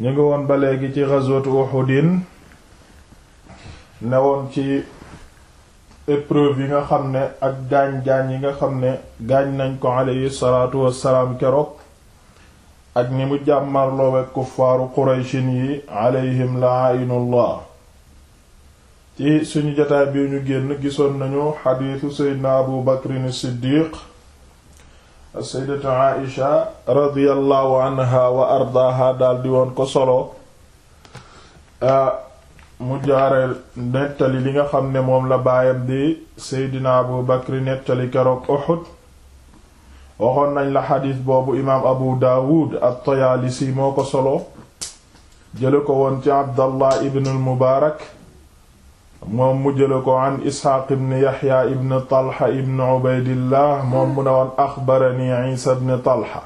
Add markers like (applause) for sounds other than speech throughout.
ñu ngi woon ba léegi ci ghazwatu Uhudin ne newoon ci épreuve yi nga xam ne ak gaañ-gaañ yi nga xam ne gaañ nañ ko aleyhi salaatu wassalaam keroog ak ñi mu jàmmarloo wek kuffaaru qurayshin yi aleyhim la'inullah ci suñu jotaay bi ñu génn gisoon nañu xadiisu seydna abu bakrin siddiq sayyidatu Aisha radiyallahu anha wa ardaaha daal di woon ko solo ah, mu jaareel nettali li nga xam ne moom la baayam di seydina abu bakri nettali keroog Uhud waxoon nañ la xadiis boobu imaam abu daawud at-Tayaalisi moo ko solo jële ko woon ci Abdallah ibn al-Mubaarak moom mu jële ko an isxaaq ibn yaxya ibn talxa ibn ubaydillah moom mu ne woon axbarani isa ibn talxa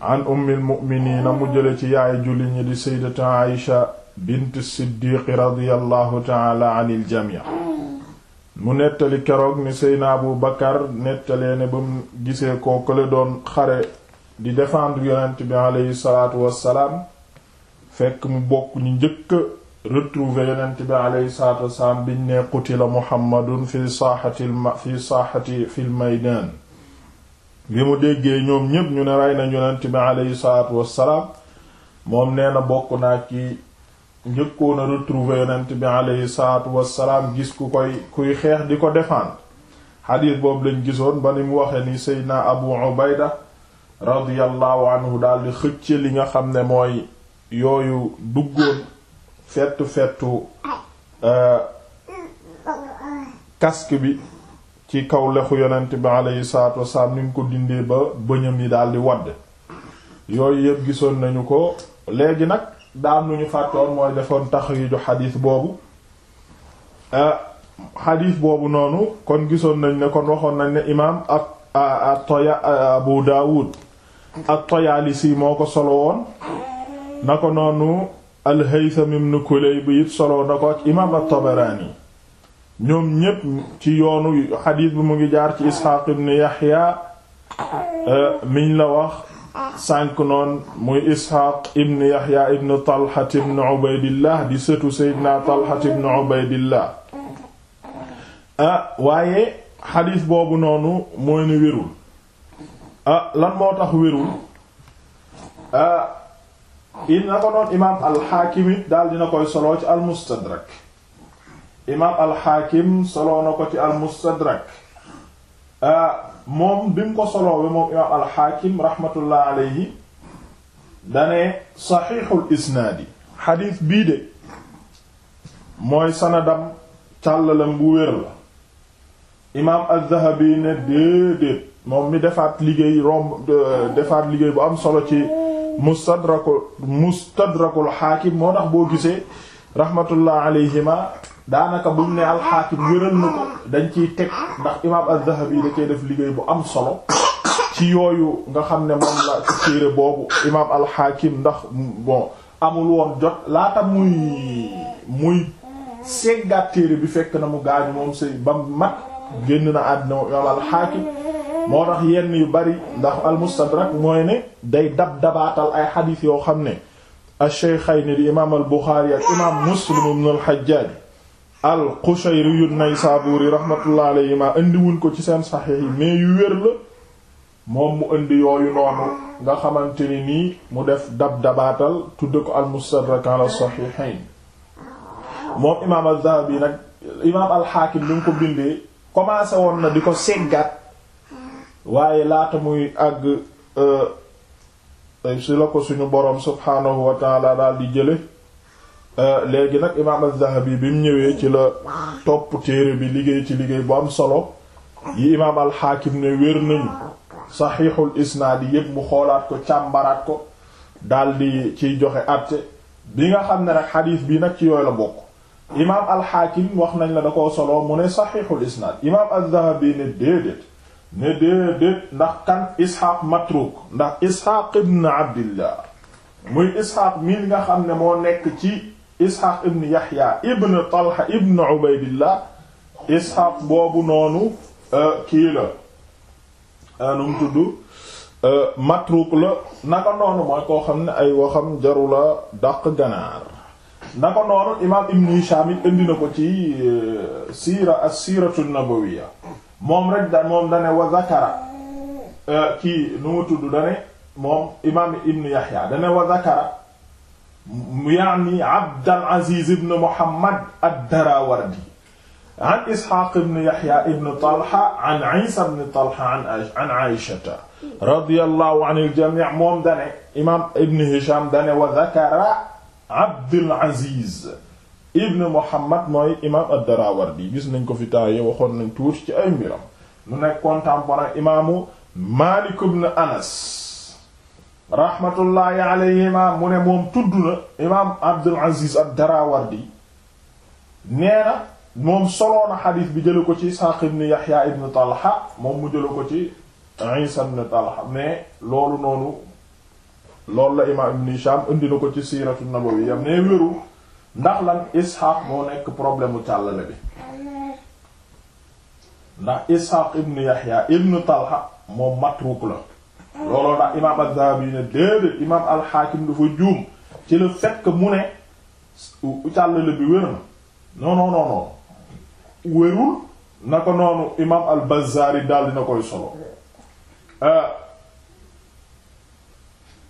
an ummil mu'miniina mu jële ci yaay julli mu nettali keroog ni seyna abu bakar nettalee ne ba mu gisee kooku la doon xare di défendre yonent bi aleyhi salaatu wassalaam fekk mu bokk ñu njëkk retrouver yonent bi aleyhi salaatu wassalaam biñ ne qutila muhammadun fi saaxati fi saaxati fil maydaan bi mu déggee ñoom ñépp ñu ne rey nañ yonent bi aleyhi salaatu wassalaam moom nee na bokk naa ci njëkkoon a retrouver yonent bi aleyhi salaatu wassalaam gis ku koy kuy xeex di ko défendre xadiis boobu lañ gisoon ba ni mu waxee ni seydna abu ubayda radiyallahu anhu daldi xëcce li nga xam ne mooy yooyu duggoon fettu fettu euh, casque bi ci kaw lexu yonent bi aleyhi salatu wasalaam ni nga ko dindee ba bëñam yi daal di wadd yooyu yëpp gisoon nañu ko léegi nag daam lu ñu fàttoon mooy defoon taxriiju xadiis boobu euh, xadiis boobu noonu kon gisoon nañ ne kon waxoon nañ ne imaam ak atoya Abu Daawud at-Tayaalisi moo ko solo woon na ko noonu al-Haytham ibn Kulayb bi it soloo na ko ak imaam at-Tabarani ñoom ñépp ci yoonu xadiis bi mu ngi jaar ci Isxaaq ibn Yaxya euh, miñ la wax sànq noon muy Isxaaq ibn Yaxya ibn Talha ibn Ubaydillah di sëtu Seydina Talha ibn Ubaydillah ah waaye xadiis boobu noonu mooy ni wérul ah lan moo tax wérul ah, in na ko noon imaam alxaakim it daal dina koy soloo ci almustadrak imaam alxaakim soloo na ko ci almustadrak ah, moom bi mu ko soloo bi moom imaam alxaakim rahmatullah alayhi dane saxiixul isnaadi xadiis bii de mooy sanadam càllalam bu wér la imaam az-Zahabi ne déedéet moom mi defaat liggéey romb defaat liggéey bu am solo ci mustadrakul mustadrakul xaakim moo tax boo gisee rahmatullah alayhima daanaka buñ ne alxaakim wéral na ko dañ ciy teg ndax imaam az-Zahabi da koy def liggéey bu am solo ci yooyu nga xam ne moom la ci téere boobu imaam alxaakim ndax bon amul woon jot laata muy muy seggaat téere bi fekk na mu gaañu moom say ba mat génn na àddina imaam alxaakim moo tax yenn yu bari ndax almustadrak mooy ne day dab dabaatal ay xadiis yoo xam ne a ash-shaykhayn di imaam al buxaari ak imaam muslim ibn al hajjaj al qushayri yu naysaburi rahmatullah alayhima indiwuñ ko ci seen saxiix yi mais yu wér la moom mu indi yooyu noonu nga xamante ni nii mu def dab dabaatal tudde ko al mustadrak ala saxiixayn moom imaam al dhahabi nag imaam al xaakim bi mu ko bindee commencé woon na di ko seggaat waaye laata muy àgg euh, si la ko suñu boroom subhaanahu wa taala daal di jële euh, léegi nag imaam az-Zahabi bi mu ñëwee ci la topp téere bi liggéey ci liggéey bu am solo yi imaam al-Hakim ne wér nañu saxiixul isnaad yi yépp mu xoolaat ko càmbaraat ko dal di ciy joxe àtte bi nga xam ne nag xadiis bi nag ci yooyu la bokk imaam al wax nañ la da koo solo mu ne saxiixul isnaad imaam az ne déedéet ne déedéet ndax kan isxaaq matruk ndax isxaaq ibn abdillah muy isxaaq mii nga xam ne moo nekk ci isxaaq ibn yaxya ibn talha ibn ubaydillah isxaaq boobu noonu euh, kii la euh, num tudd euh, matruk la naka noonu mooy koo xam ne ay waxam jarula dàq ganaar naka noonu imaam ibn hisham indi na ko ci siira as-siiratu an moom rek da moom dane wa zakara euh, kii nu mu tudd dane moom imaam ibn Yahya dane wa zakara yaani Abdal Aziz ibn Muhammad ad-Darawardi an Isxaaq ibn Yahya ibn Talha an Isa ibn Talha an Aysata radiyallahu anil jamii' moom dane imaam ibn Hisham dane wa zakara Abdul Aziz ibn Muhammad mooy imaam ad-Darawardi gis nañ ko fi taaye waxoon nañ tuuti ci ay mbiram mu nekk contemporain imaamu Maalik ibn Anas rahmatullahi alayhima mu ne moom tudd na imaam Abdul Aziz ad-Darawardi nee na moom soloo xadiis bi jëla ko ci Isaaq ibn Yaxya ibn Talha moom mu jëla ko ci Isa ibn Talha mais loolu noonu loolu la imaam Ibn Hisham indi na ko ci siiratu nabawiyya mais wéru ndax lan Isxaaq moo nekk problème mu càllale bi ndax Isxaaq ibnu Yaxya ibnu Talha moom matruuk la looloo ndax imaam az dafa juum ci le fait mu ne càllale bi wér na non wérul na ko noonu imaam Al-Bazzaari daal dina koy solo euh,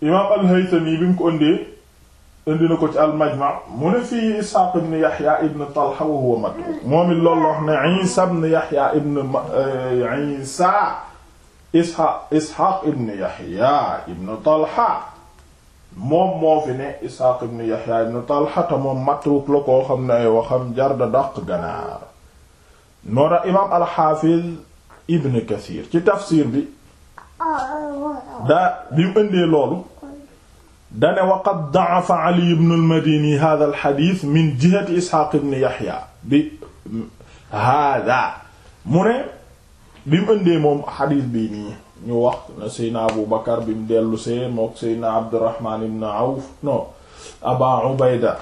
imaam Al-Haytami bi mu ko ëndee. indi na ko ci al-Majma' mu ne fii Isxaaq ibn Yaxya ibn Talha wa huwa matruk moom it loolu la wax ne Iisa ibn Yaxya ibn eh, Iisa Isxaaq Isxaaq ibn Yaxya ibn Talha moom moo fi ne Isxaaq ibn Yaxya ibn Talha te moom matruk la koo xam ne ay waxam jar da dàq ganaar noo tax imaam al-Xaafiz Ibn Kasiir ci tafsir bi ah, ah, ah. daa bi mu indee loolu. dane wa qad da'afa ali ibn al-madini hadha al min jihati isxaaq ibn yaxya bi hada mu ne bi mu ëndee moom xadis bi nii ñu wax na seydna abu bakar bi mu dellu see mook seydna abdurrahman ibn awf no aba ubayda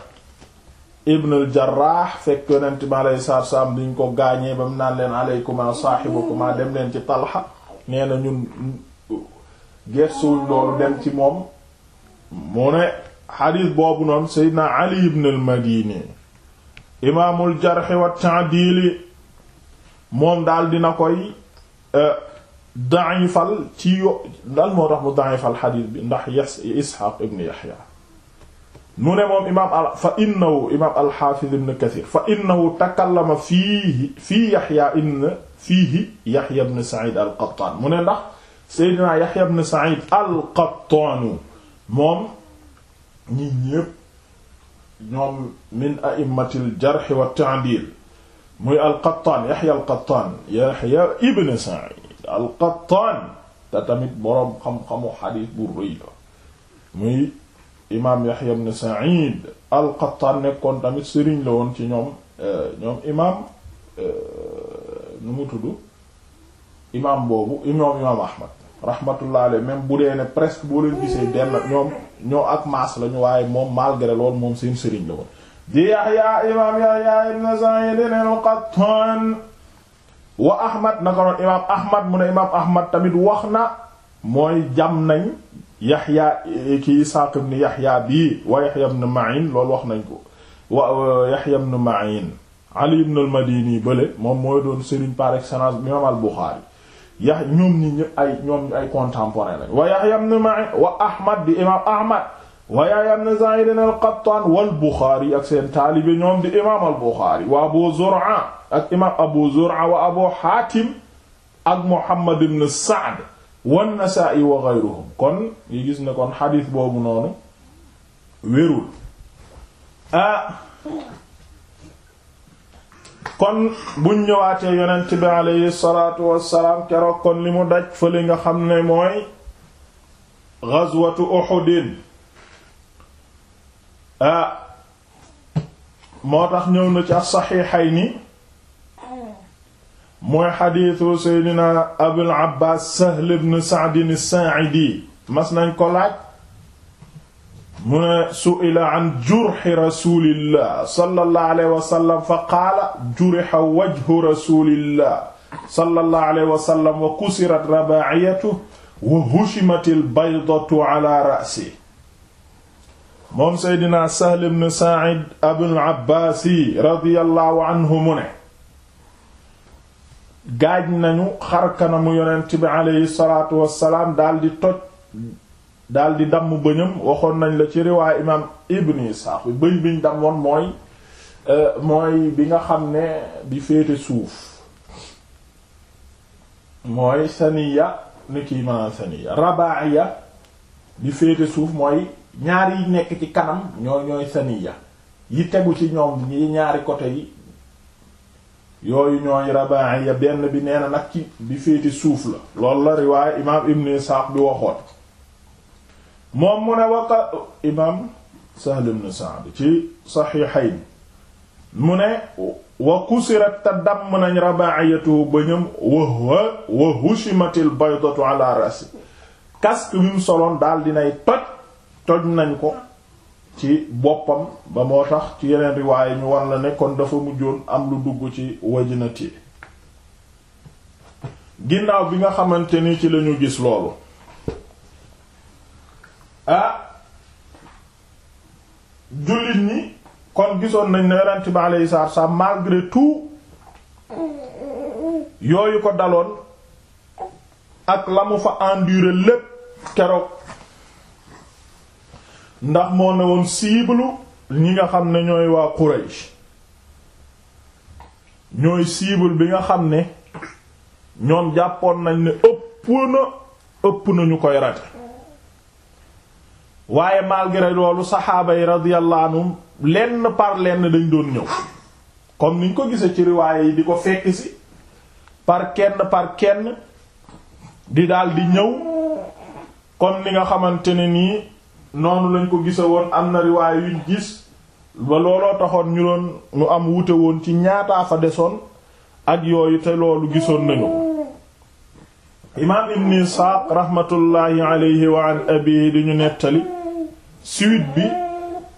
ibn al-jarrah fekk yonent mi aleyhi salaatu ko gaañee ba mu naan leen alaykuma saaxibukuma dem leen ci talxa nee na ñun gersuwuñ loolu dem ci moom mu ne xadiis boobu noonu seydna ali ibn al madini imaamul jarxi wa ta'dili moom daal dina koy e, da'ifal ci yo dal moo tax mu da'ifal xadiis bi ndax isxaaq ibn yaxya mu ne moom imaam al fa innahu imaam alxaafiz ibn kathir fa innahu takallama fiihi fii yaxya ibn fiihi yaxya ibn sa'id al qattaan mu ne ndax seydna yaxya ibn sa'id al qattaanu moom ñi ñépp ñoom min a'immatil jarh wa ta'dil muy al-Qattaan Yahya al-Qattaan Yahya ibn Sa'id al-Qattaan te tamit borom xam-xamu xadiis bu rëy la muy imaam Yahya ibn Sa'id al-Qattaan nekkoon tamit sëriñ la woon ci ñoom euh, ñoom imaam euh, nu mu tudd imaam boobu imaam Ahmad rahmatullah alayhi même bu dee ne presque boo leen gisee denn ñoom ñoo ak maas lañu waaye moom malgré lool moom seen sëriñ la woon di Yahya imaam Yahya ibn Sa'id al tamit wax na mooy jam nañ Yahya ki Isaaq ibn Yahya bii wa nañ ko wa Yahya ibn Ma'in Ali ibn al-Madini bële moom mooy doon sëriñ par excellence imaam al yax ñoom ñi ñëpp ay ñoom ay contemporain lañ wa Yahya ibn Ma'in wa Ahmad di imam Ahmad wa Yahya ibn Sa'id al-Qattan wal Bukhari ak seen taalibe ñoom di imam al-Bukhari wa Abu Zur'a ak imam Abu Zur'a wa Abu Hatim ak Muhammad ibn Sa'd wa Nasa'i wa ghayruhum kon yi gis ne kon xadiis boobu noonu wérul ah kon buñ ñëwaatee yonent bi aleyhi salaatu wassalaam keroog kon li mu daj fa li nga xam ne mooy ghazwatu Uhudin moo tax ñëw na ci as-Sahihayni mooy xadiisu Seydina Abul Abbaas Sahl ibn Sa'd as mas nañ ko laaj mu ne su'ila an jurxi rasulillah sallallahu alayhi wa sallam fa qaala juriha wajhu rasulillah sallallahu alayhi wa sallam wa kusirat rabaa'iyatuhu wa hushimatil baydatu ala ra'sihi moom Seydina Sahl ibn Sa'id Abul Abbaas radiyallahu anhu mu ne gaaj nañu xar kanamu yonent bi alayhi salaatu wa salaam daldi toj daldi damm bëñam waxoon nañ la ci riwaay imam ibn Isaaq bi bëñ biñ dam woon mooy euh, mooy bi nga xam ne bi féete suuf mooy saniya ni kii maanaam saniya rabaiya bi féete suuf mooy ñaari nekk ci kanam ñoo ñooy saniya yi tegu ci ñoom ñi ñaari côté yi yooyu ñooy rabaiya benn bi nee na nag ci bi féete suuf la lool la riwaay imam ibn Isaaq bi waxoon moom mu ne waqa imaam Sahl ibn Sa'd ci saxiixayn mu ne wa kusirat te damm nañ rabaayatuhu bëñëm wa wa hushimatil baydatu ala rasi bi mu soloon daal dinay toj toj nañ ko ci boppam ba moo tax ci yeneen riwaaye ñu war la ne kon dafa mujjoon am lu dugg ci wajinati ginnaaw bi nga xamante ni ci lañu gis loolu ah jullit ñi kon gisoon nañ ne yonent bi alayhi salaatu salaam tout yooyu ko daloon ak la mu fa enduré lépp keroog ndax moo ne woon cible ñi nga xam ne ñooy waa Quraysh ñooy cible bi nga xam ne ñoom jàppoon nañ ne ëpp na ëpp nañu koy rate waaye malgré loolu saxaaba yi radiyallahu anhum lenn par lenn dañ doon ñëw comme niñ ko gise ci riwaaye yi di ko fekk si par kenn par kenn di daal di ñëw kon ni nga xamante ne nii noonu lañ ko gise woon am na riwaaye yuñ gis ba looloo taxoon ñu doon ñu am wute woon ci ñaataa fa desoon ak yooyu te loolu gisoon nañu imaam ibn Isxaaq raxmatullaahi alayhi wa an abihi di ñu nettali suite bi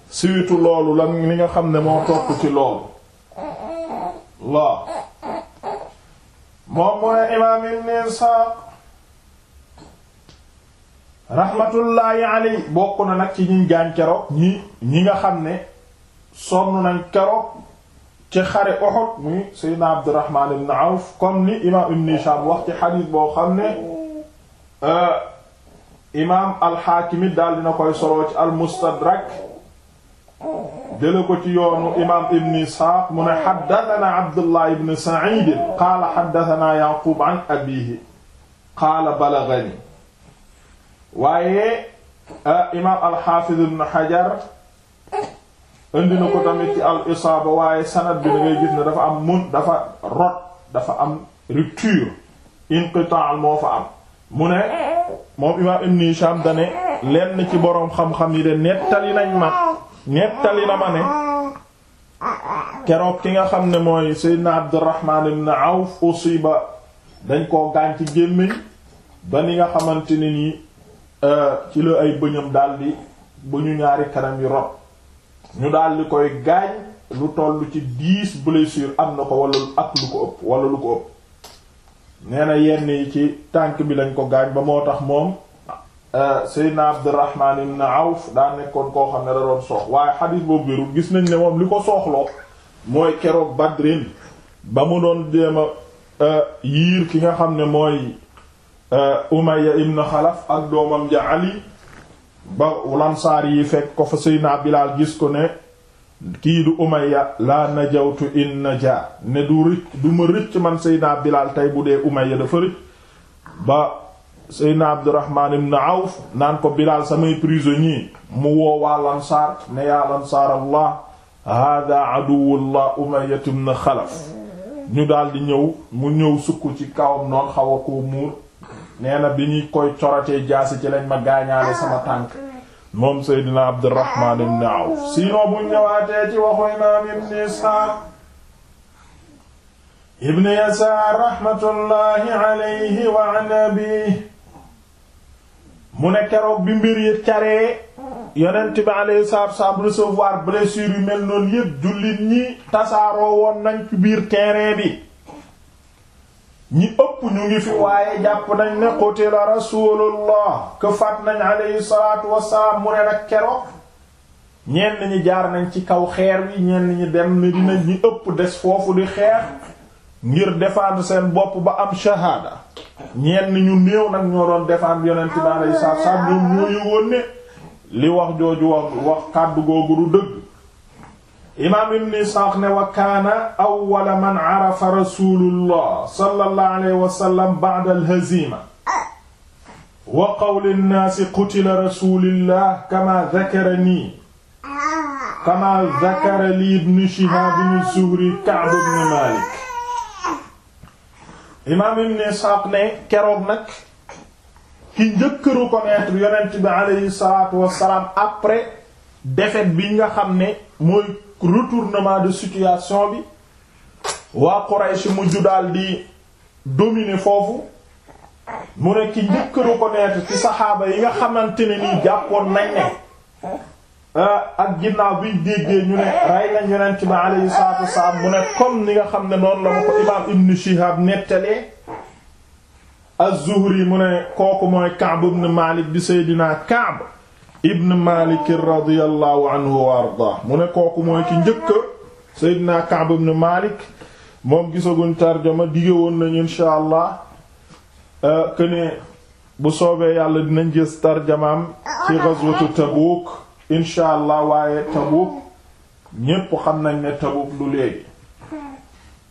suite loolu la mi nga xam ne moo topp ci loolu waaw moom mooy imaam ibn Isaaq rahmatullaahi aley bokk na nag ci ñi gaañ keroog ñi ñi nga xam ne sonn nañ keroog ci xare Uhud muy Seydina Abdurrahmaan ibn Awf comme ni imaam ibn Hishaam wax ci xadiis boo xam ne euh, imaam alxaakimit daal dina koy soloo ci almustadrak jële ko ci yoonu imaam ibn isxaaq mu ne xaddatana abdullah ibn said qaala xaddatana yaqub an abihi qaala balagani waaye ah, imaam alxaafiz ibn xajar indi na ko tamit ci al isaaba waaye sanad bi da ngay gis ne dafa am mun dafa rot dafa am rupture inqitaa moo fa am mu ne moom imaam ibn Hisham dane lenn ci boroom xam-xam yi de nettali nañ ma nettali na ma ne keroog ki nga xam ne mooy Seydina Abdurrahman ibn Awf usiba dañ koo gaañ ci gémmiñ ba ni nga xamante ne nii euh, ci la ay bëñam daldi bu ñu ñaari kanam yi rob ñu daldi koy gaañ lu tollu ci dix blessures am na ko wala ak lu ko ëpp wala lu ko ëpp nee na yenn yi ci tànk bi lañ ko gaañ ba moo tax moom ah, euh, Seydina Abdurrahman ibn Awf daa nekkoon koo xam ne da doon soox waaye xadiis boobu wérul gis nañ ne moom li ko sooxloo mooy keroog Badrin ba mu doon jéem a euh, yiir ki nga xam ne mooy euh, Umayya ibn Xalaf ak doomam ja Ali ba lansaar yi fekk ko fa Seydina Bilaal gis ko ne kii du Umayya laa najawtu in naja ne du rëcc du ma rëcc man Seydina Bilaal tey bu dee Umayya dafa rëcc ba Seydina Abdurrahman ibn Awf naan ko Bilaal samay prisonnier mu woo waa Lansaar ne yaa Lansaar Allah hada aduwullah Umayya ibn Xalaf ñu daldi ñëw mu ñëw sukk ci kawam noon xaw koo muur nee na bi ñuy koy coratee jaasi ci lañ ma gaañaale sama tànk moom Seydina Abdurrahman ibn Awf sinon bu ñëwaatee ci waxu imaam ibn Isxaaq ibn Yasaar rahmatullahi alayhi wa an mu ne keroog bi mbir yi caree yonent bi alayhi salaatu salaam recevoir blessure yu mel noonu yépp jullit ñi tasaaroo woon nañ ci biir terrain bi ñi ëpp ñu ngi fi waaye jàpp nañ ne qutila rasulullah que faat nañ aleyhi salatu wasalaam mu ne nag keroog ñenn ñi jaar nañ ci kaw xeer wi ñenn ñi dem ni dinañ ñi ëpp des foofu di xeex ngir défendre seen bopp ba am shahaada ñenn ñu néew nag ñoo doon défendre yonent bi aleyhi salatu wasalaam ñoom ñooyu woon ne li wax jooju wax wax kàddu googu du dëgg imaam ibn Isxaaq ne wa kaana awwala man arafa rasuulullah sallallahu alayhi wa sallam ba'da al-haziima wa qawli nnaasi qutila rasuulullah kamaa zakaranii kamaa zakara li ibn Shihaab az-Zuhri Ka'b ibn Maalik imaam ibn Isxaaq ne keroog nag ki njëkk reconnaître yonent bi alayhi salaatu wa salaam après défaite bi nga xam ne mooy retournement de situation bi waa Quraysh mujj dal di dominer foofu mu ne ki njëkk reconnaître ci saxaaba yi nga xamante ne nii jàppoon nañ ne ah, ak ginnaaw biñ déggee ñu ne rey nañ yonent bi alayhi salaatu wassalaam mu ne comme ni nga xam ne noonu la ma ko imaam Ibn Shihab nettalee az mu ne kooku mooy Ka'b ibn Malik bi Seydina Ka'b ibn Malik radiyallahu anhu wa ardaa mu ne kooku mooy ki njëkk Seydina Ka'b ibn Malik moom gisaguñ tarjuma dige woon nañu insha allah euh, que bu soobee yàlla dinañ gis tarjamaam ci ghazwatu Tabuk insha allah waaye Tabuk ñépp xam nañ ne Tabuk du léegi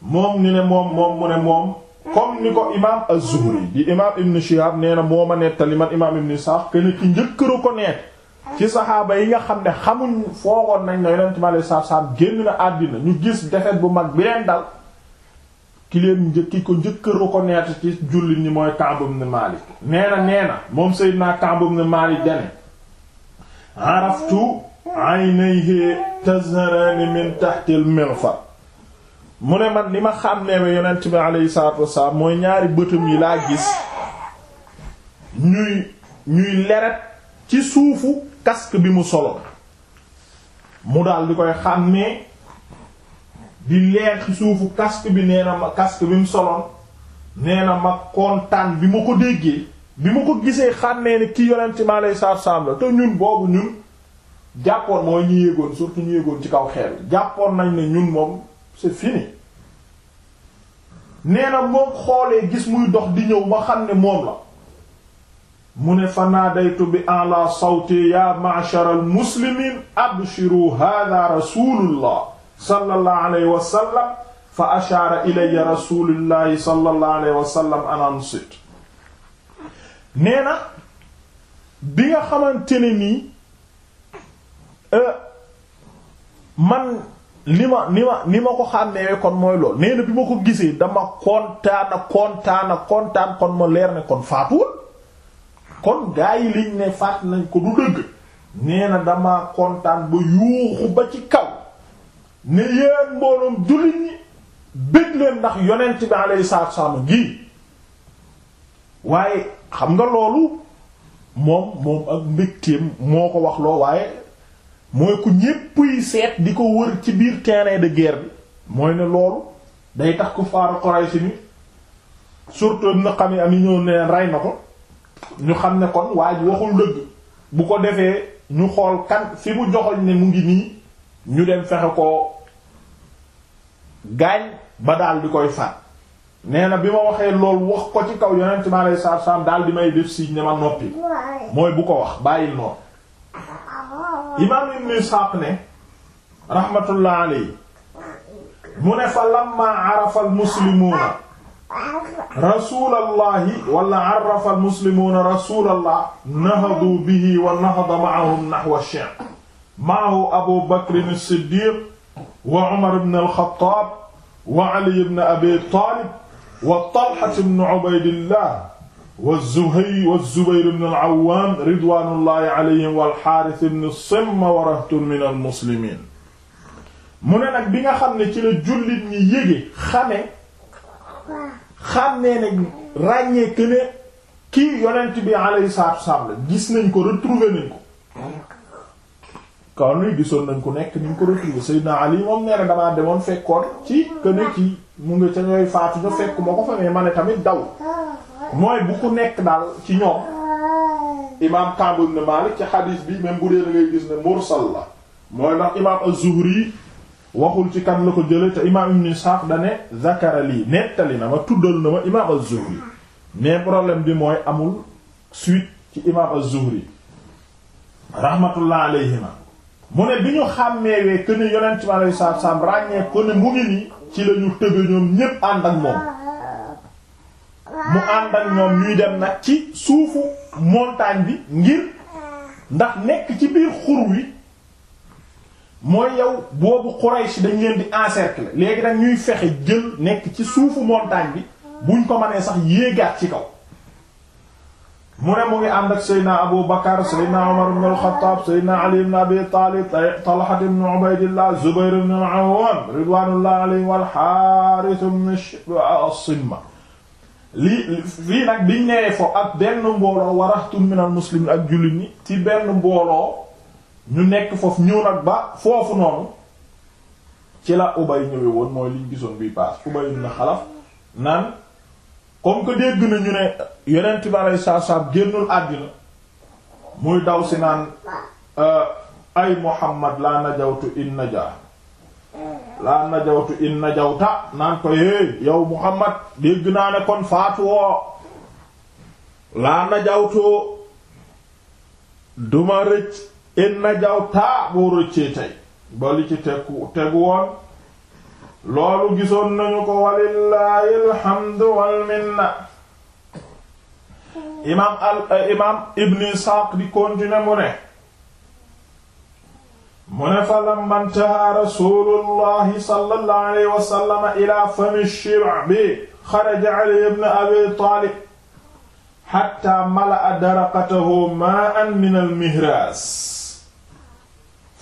moom ni ne moom moom mu ne moom comme ni ko imaam az di imaam Ibn Shihab nee na moo ma nettali man imaam Ibn Ishaq que ne ki njëkk reconnaître ci saxaaba yi nga xam ne xamuñ foogoon nañ ne yonent bi alayhi salaam génn na àddina ñu gis defet bu mag bi leen dal ki leen ki ko njëkk ko reconnaître ci jullit ñi mooy Ka'b ibn Malik nee na nee na moom Seydina Ka'b ibn Malik dane araftu aynayhi tazharani min tahtil mirfaq mu ne man li ma xàmmeewe yonent bi alayhi salaatu wasalaam mooy ñaari bëtam yi laa gis ñuy ñuy leret ci suufu casque bi mu solo mu daal di koy xàmmee di leer ci suufu casque bi nee na ma casque bi mu soloon nee na ma kontaan bi mu ko déggee bi ma ko gisee xàmmee ne ki yonent ma lay saar saam la te ñun boobu ñun jàppoon mooy ñu yéegoon surtout ñu yéegoon ci kaw xeel jàppoon nañ ne ñun moom si fini nee na moo xoolee gis muy dox di ñëw ma xam ne moom la mu ne fa naadaytu bi ala sawti ya ma'shar al muslimin abshiru hadha rasulullah sallallahu alayhi wa sallam fa ashaara ilayya rasulullahi sallallahu alayhi wa sallam an ansit nee na bi nga xamante ne nii euh, man li ma ni ma ni ma ko xàmmee kon mooy lool nee na bi ma ko gisee dama kontaana kontaana kontaan kon ma leer ne kon faatuwul kon gaa yi liñ ne faat nañ ko du dëgg nee na dama kontaan ba yuuxu ba ci kaw ne yéen mbooloom jullit ñi bëgg leen ndax yonent bi alayhi salaatu wasallam gi waaye xam nga loolu moom moom ak mbégteem moo ko wax loo waaye mooy ku ñépp seet di ko wër ci biir terrain de guerre bi mooy ne loolu day tax ku faaru Quraysh ni surtout na xam yi am yi ñëw ne rey na ko ñu xam ne kon waa ji waxul dëgg bu ko defee ñu xool kan fi mu joxoñ ne mu ngi nii ñu dem fexe ko gaañ ba daal di koy faat nee na bi ma waxee loolu wax ko ci kaw yonent mi alayhi salaatu salaam daal di may def signe ne ma noppi mooy bu ko wax bàyyil noonu imaam ibn Isxaaq ne rahmatullah alayhi mu ne fa lamma arafa al rasulallahi wala arrafa almuslimuuna rasulallah nahadu bihi wa nahada maahum nahwa ash-shaam maahu abu bakrin as-siddiq wa umar ibn al-khattab wa ali ibn abi talib wa talha ibn ubaydillah wa zuhay wa zubayr ibn al-awwam ridwanullahi alayhim wal harith ibn simma wa rahtun min al-muslimin mu ne nag bi nga xam ne ci la jullit ñi yége xame xam ne nañ ràññee que ne kii yonent bi alayhi salaatu wassalaam la gis nañ ko retrouver nañ ko kon luy gisoon nañ ko nekk niñ ko retrouver Seydina Ali moom nee na damaa demoon fekkoon ci que ne mu ngi ca ñooy faatu ñu fekk ma ko fa mais ma ne tamit daw mooy bu ku nekk daal ci ñoom imaam Ka'b ibn Malik ci xadiis bi même bu dee da ngay gis ne mursal la mooy ndax imaam az-Zuhri waxul ci kan la ko jële te imaam ibn Isxaaq dane zakara lii nettali na ma tuddal na ma imaam az-Zuhri mais problème bi mooy amul suite ci imaam az-Zuhri rahmatullah alayhima mu ne bi ñu xàmmeewee que ne yonent bi alayhi salaatu salaam ràññee ko mu ngi nii ci la ñu tëgg ñoom ñépp ànd ak moom mu ànd ak ñoom ñuy dem nag ci suufu montagne bi ngir ndax nekk ci biir xur wi mooy yow boobu Quraysh dañ leen di encercler léegi nag ñuy fexe jël nekk ci suufu montagne bi buñ ko mënee sax yéegaat ci kaw mu ne mu ngi ànd ak Seydina Abu Bakar Seydina Umar ibn al-Khattab Seydina Ali ibn Abi Talib Talha ibn Ubaydillah Zubayr ibn al-Awwam ridwanullahi alayhi wal Harith ibn as-Simma lii fii nag biñ nee fo ak benn mbooloo warahtum min al-muslimin ak jullit ñi ci benn mbooloo ñu nekk foofu ñëw ak ba foofu noonu ci la ubay ñëwee woon mooy liñ gisoon bii paas ubay na xalaf naan comme que dégg na ñu ne yonent bi aleyhi salaatu salaam génnul àddina muy daw si naan euh, ay Muhammad laa najawtu in najaa laa najawta naan ko é yow Muhammad dégg naa ne kon faatu woo laa najawtu duma rëcc inna jaw taa boo rëccee tey loolu gisoon nañu ko walillahi alhamdu wal minna eh, ibn Isaaq di continuer mu ne fa lamma intahaa rasuulullahi ilaa fami shib'i xaraja Ali ibn Abi Taalib hattaa mala'a daraqatahu maa'an min al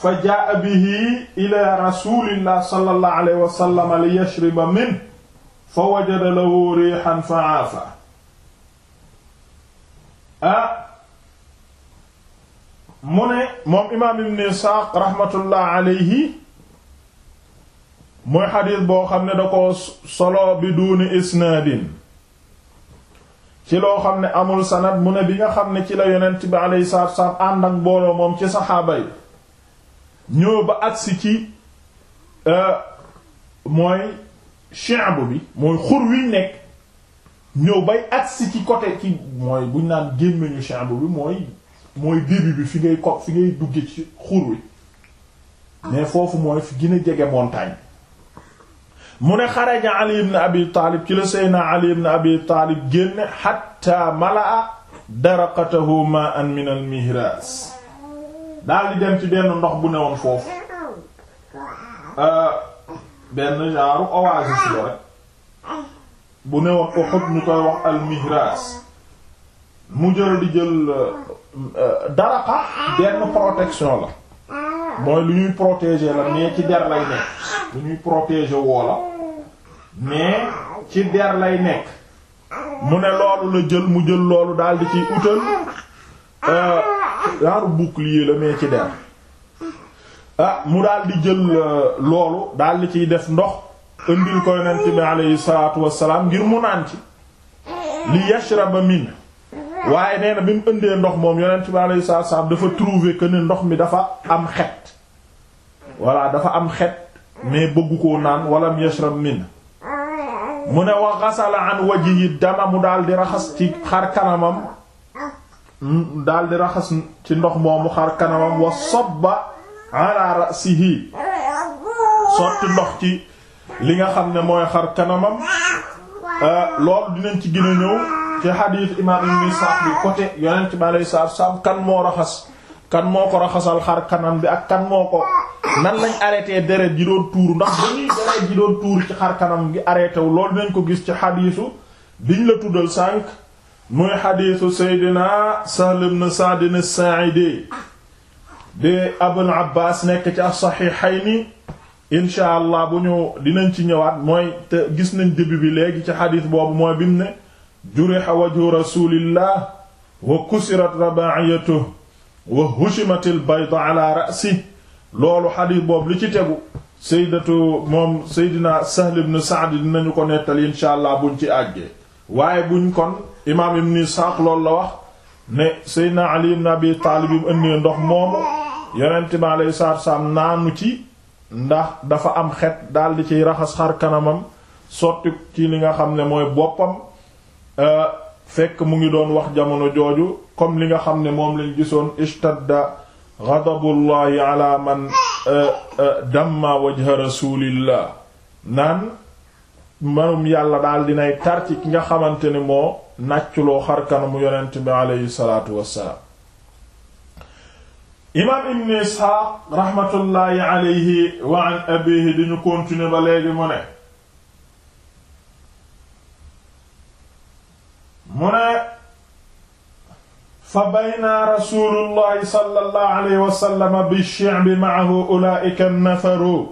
fa jaa bihi ila rasulillah sallallahu alayhi wa sallam li yashriba min fa wajada lahu rihan fa aafa mu ne moom imaam ibn Isaaq rahmatullah alayhi mooy xadiis boo xam ne da ko solo bi isnaadin ci loo xam ne amul sanad mu ne bi nga xam ne ci la yonent bi alayhi salaatu wa salaam ànd ak mbooloo moom ci saxaaba ñëw ba agsi ci euh, mooy chi'b bi mooy xur wiñ nekk ñëw bay agsi ci côté ci mooy buñ naan gémmiñu chi'b bi mooy mooy début bi fi ngay ko fi ngay dugge ci xur wi mais foofu mooy fi gën a jege montagne mu ne xaraja Ali ibn Abi Taalib ci la Seyna Ali ibn Abi Taalib génne hatta malaa daraqatahu ma'an min al-mihras daal di dem ci benn ndox bu newoon foofu euh, benn genre oasis la rek bu newoon Uhud ñu koy wax al mu jël di jël euh, euh, daraqa benn protection la mooy lu ñuy protéger la mais ci der lay nekk lu ñuy protéger woo la mais ci der lay nekk mu ne loolu la jël mu jël loolu daal di ci utal. bukk bouclier la mais ci der ah mu dal di jël euh, loolu dal di ciy def ndox indil ko yonent bi aleyhi salaatu wassalaam ngir mu naan ci li yashraba min waaye nee na bi mu indee ndox moom yonent bi aleyhi salaatu wassalaam dafa trouver que ne ndox mi dafa am xet voilà dafa am xet mais bëggu koo naan walam yashrab min mu ne wa ghasala an wajhi dama mu daal di raxas ci xar kanamam daal di raxas ci ndox moomu xar kanamam wa sobba ala ra'sihi sotti ndox ci li nga xam ne mooy xar kanamam euh, loolu dinañ ci gën ñëw ci xadiis imaam ibn Isaaq bi côté yonent bi alayhi salaatu salaam kan moo raxas kan moo ko raxasal xar kanam bi ak kan moo ko nan lañ arrêté deret ji doon tuur ndax dañuy deret ji doon tuur ci xar kanam gi arrêté wu loolu dañ ko gis ci xadiisu biñ la tuddal sànq. muy xadiisu seydina Sahl ibn Sa'd as-Saa'idi de Abul Abbaas nekk ci as-Saxiixayni insha allah bu ñu dinañ ci ñëwaat mooy te gis nañ début bi léegi ci xadiis boobu mooy bim ne juriha wajhu rasulillah wa kusirat wa hushimatil bayda ala ra'si loolu xadiis boobu li ci tegu saydatu moom seydina Sahl ibn Sa'd dinañu ko nettal insha allah buñ ci àggee waaye buñ kon imaam ibn Isxaaq loolu la wax ne Seydina Ali ibn Abi Taalib bi mu ëndee ndox moomu yonent bi alayhi salaatu salaam naanu ci ndax dafa am xet daldi ciy raxas xar kanamam sotti ci li nga xam ne mooy boppam euh, fekk mu ngi wax jamono jooju comme li nga xam ne moom lañ gisoon ishtadda ghadabullahi ala man euh, euh, damma wajha rasulillah naan marum yàlla daal dinay tar ci ki nga xamante ni moo nàcculoo xar kanamu yonent bi aleyhi salaatu wassalaam imaam ibn isxaaq raxmatullaahi aleyhi wa an abihi di ñu continuer ba léegi mu ne mu ne fa bayna rasuulullaahi sallallaahu aleyhi wasallam bi shi'bi ma'ahu ulaa'ika nafaru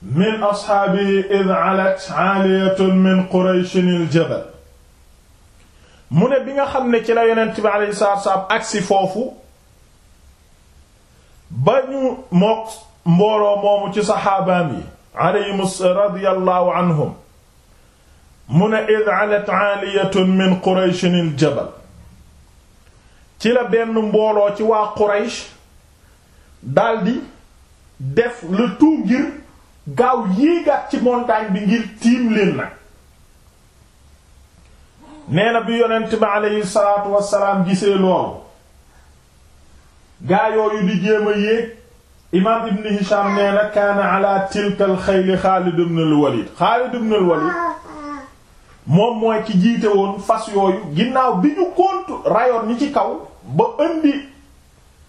min asxaabihi id alat aaliyatun min qurayshin al jabal mu ne bi nga xam ne ci la yonent bi alayhi salaatu agsi foofu ba ñu mook mbooloo moomu ci saxaabaam yi alayhimus radiyallahu anhum mu ne id alat aaliyatun min qurayshin al jabal ci la benn mbooloo ci waa quraysh daldi def le tout ngir gaaw yéegaat ci montagne bi ngir tiim leen la nee na bi yonent bi aleyhi salaatu wassalaam gisee loolu gaa yooyu di jéem a yéeg imaam ibn Hisham nee na kaana ala tilka al xayli Xaalid ibn al Walid Xaalid ibn al moom mooy ki jiite woon fas yooyu ginnaaw bi ñu kont rayoon ñi ci kaw ba indi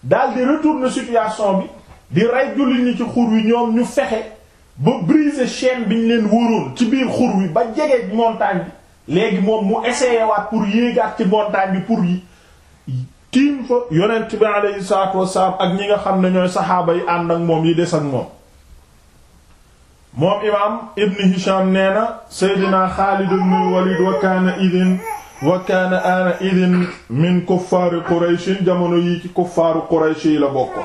daal di retourner situation bi di rey jullit ñi ci xur wi ñoom ñu fexe ba briser chaîne bi ñu leen wóoroon ci biir xur wi ba jege montagne bi léegi moom mu essayé waat yéegaat ci montagne bi pour yi tiim fa yonent bi yi salaatu wassalaam ak ñi nga xam ne ñooy saxaaba yi ànd ak moom yi des moom moom imaam ibn hisham nee na seydina xaalid ibn walid wa kaana idin wa kaana ana idin min kuffaaru quraysh jamono yi ci kuffaaru quraysh yi la bokk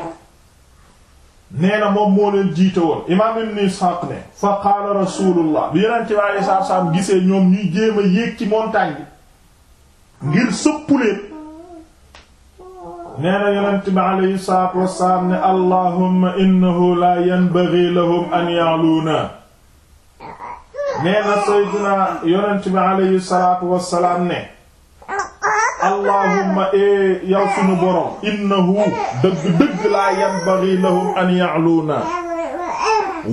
nee na moom moo jiite woon imaam ibn Ishaq ne fa qaala rasulullah bi yeneen ci waaye saab gisee ñoom ñuy jéem a yéeg ci montagne bi ngir sëppuleen nee na yonent bi alayhi wassalaam ne allahumma innahu la yanbaghi lahum an ya'luuna nee na sayyidina yonent bi alayhi wassalaam ne allahumma e yow suñu borom innahu dëgg-dëgg laa yanbaghi lahum an ya'luna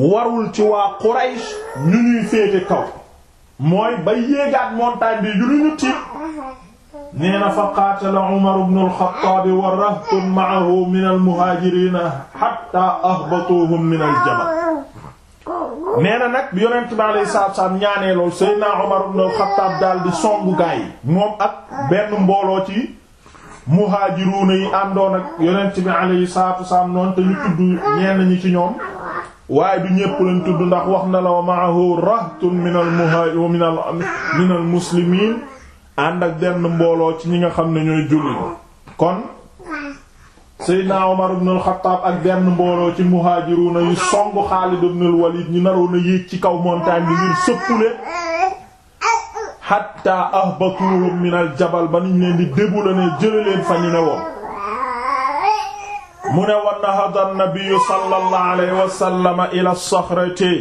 warul ci waa Quraysh ñu ñuy féete kaw mooy ba yéegaat montagne bi juruñu tiit nee na fa qaatala Umar ibn al-Khattab wa rahbun ma'ahu min al-muhaajiriina hattaa ahbatuhum min al-jamal nee na nag bi yonent bi alayhi salaatu salaam ñaanee lool Seydina Omar ibn al di songu gaay moom ak benn mbooloo ci muhaajiruuna yi àndoon ak yonent bi alayhi salaatu salaam noonu te ñu tudd ñenn ñi ci ñoom waaye du ñépp lañ tudd ndax wax na la wa ma'ahu rahtun min al-muhaajir min al min muslimiin ànd ak benn mbooloo ci ñi nga xam ne ñooy julli kon Seydina Omar ibn al-Khattab ak benn mbooloo ci yu song Xaalid ibn al-Walid ñu naroon ci kaw montagne bi ngir sëppule hatta min al-jabal ba niñ di débula ne fa ñu ne woon mu ne wa nahada an ila as-sakhrati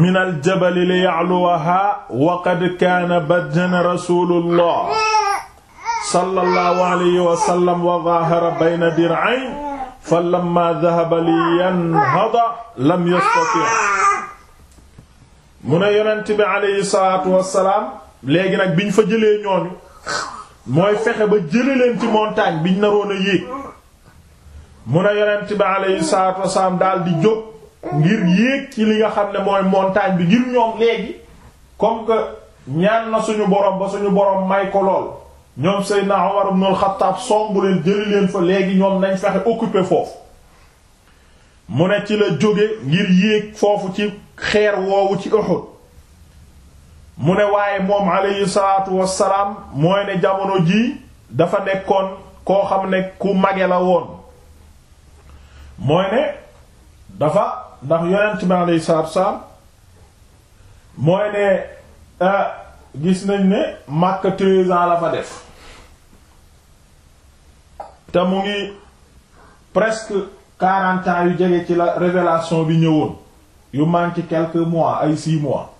min al li ya'luha wa qad kaana badana rasulullah sallallahu alayhi wa sallam wa zahara bayna dir'ayn fa lamma dhahaba li yanhada lam yastati' mu ne yonent bi alayhi salaatu wassalaam léegi nag biñ fa jëlee ñooñu mooy fexe ba jële leen ci montagne biñ naroon a yéeg mu ne yonent bi alayhi salaatu wassalaam daal di jóg ngir yéeg ci li nga xam ne mooy montagne bi ngir ñoom léegi comme que ñaan na suñu borom ba suñu borom may ko lool ñoom Seydina Umar ibn al-Khattab songu leen jëli leen fa léegi ñoom nañ fexe occupé foofu mu ne ci la jóge ngir yéeg foofu ci xeer woowu ci Uhud mu ne waaye moom alayhi salaatu wassalaam mooy ne jamono jii dafa nekkoon koo xam ne ku mage la woon mooy ne dafa ndax yonent bi alayhi salaatu wassalaam mooy ne eh, gis nañ ne Makka treize ans la fa def te mu ngi presque quarante ans yu jege ci la révélation bi ñëwoon yu manque quelques mois ay six mois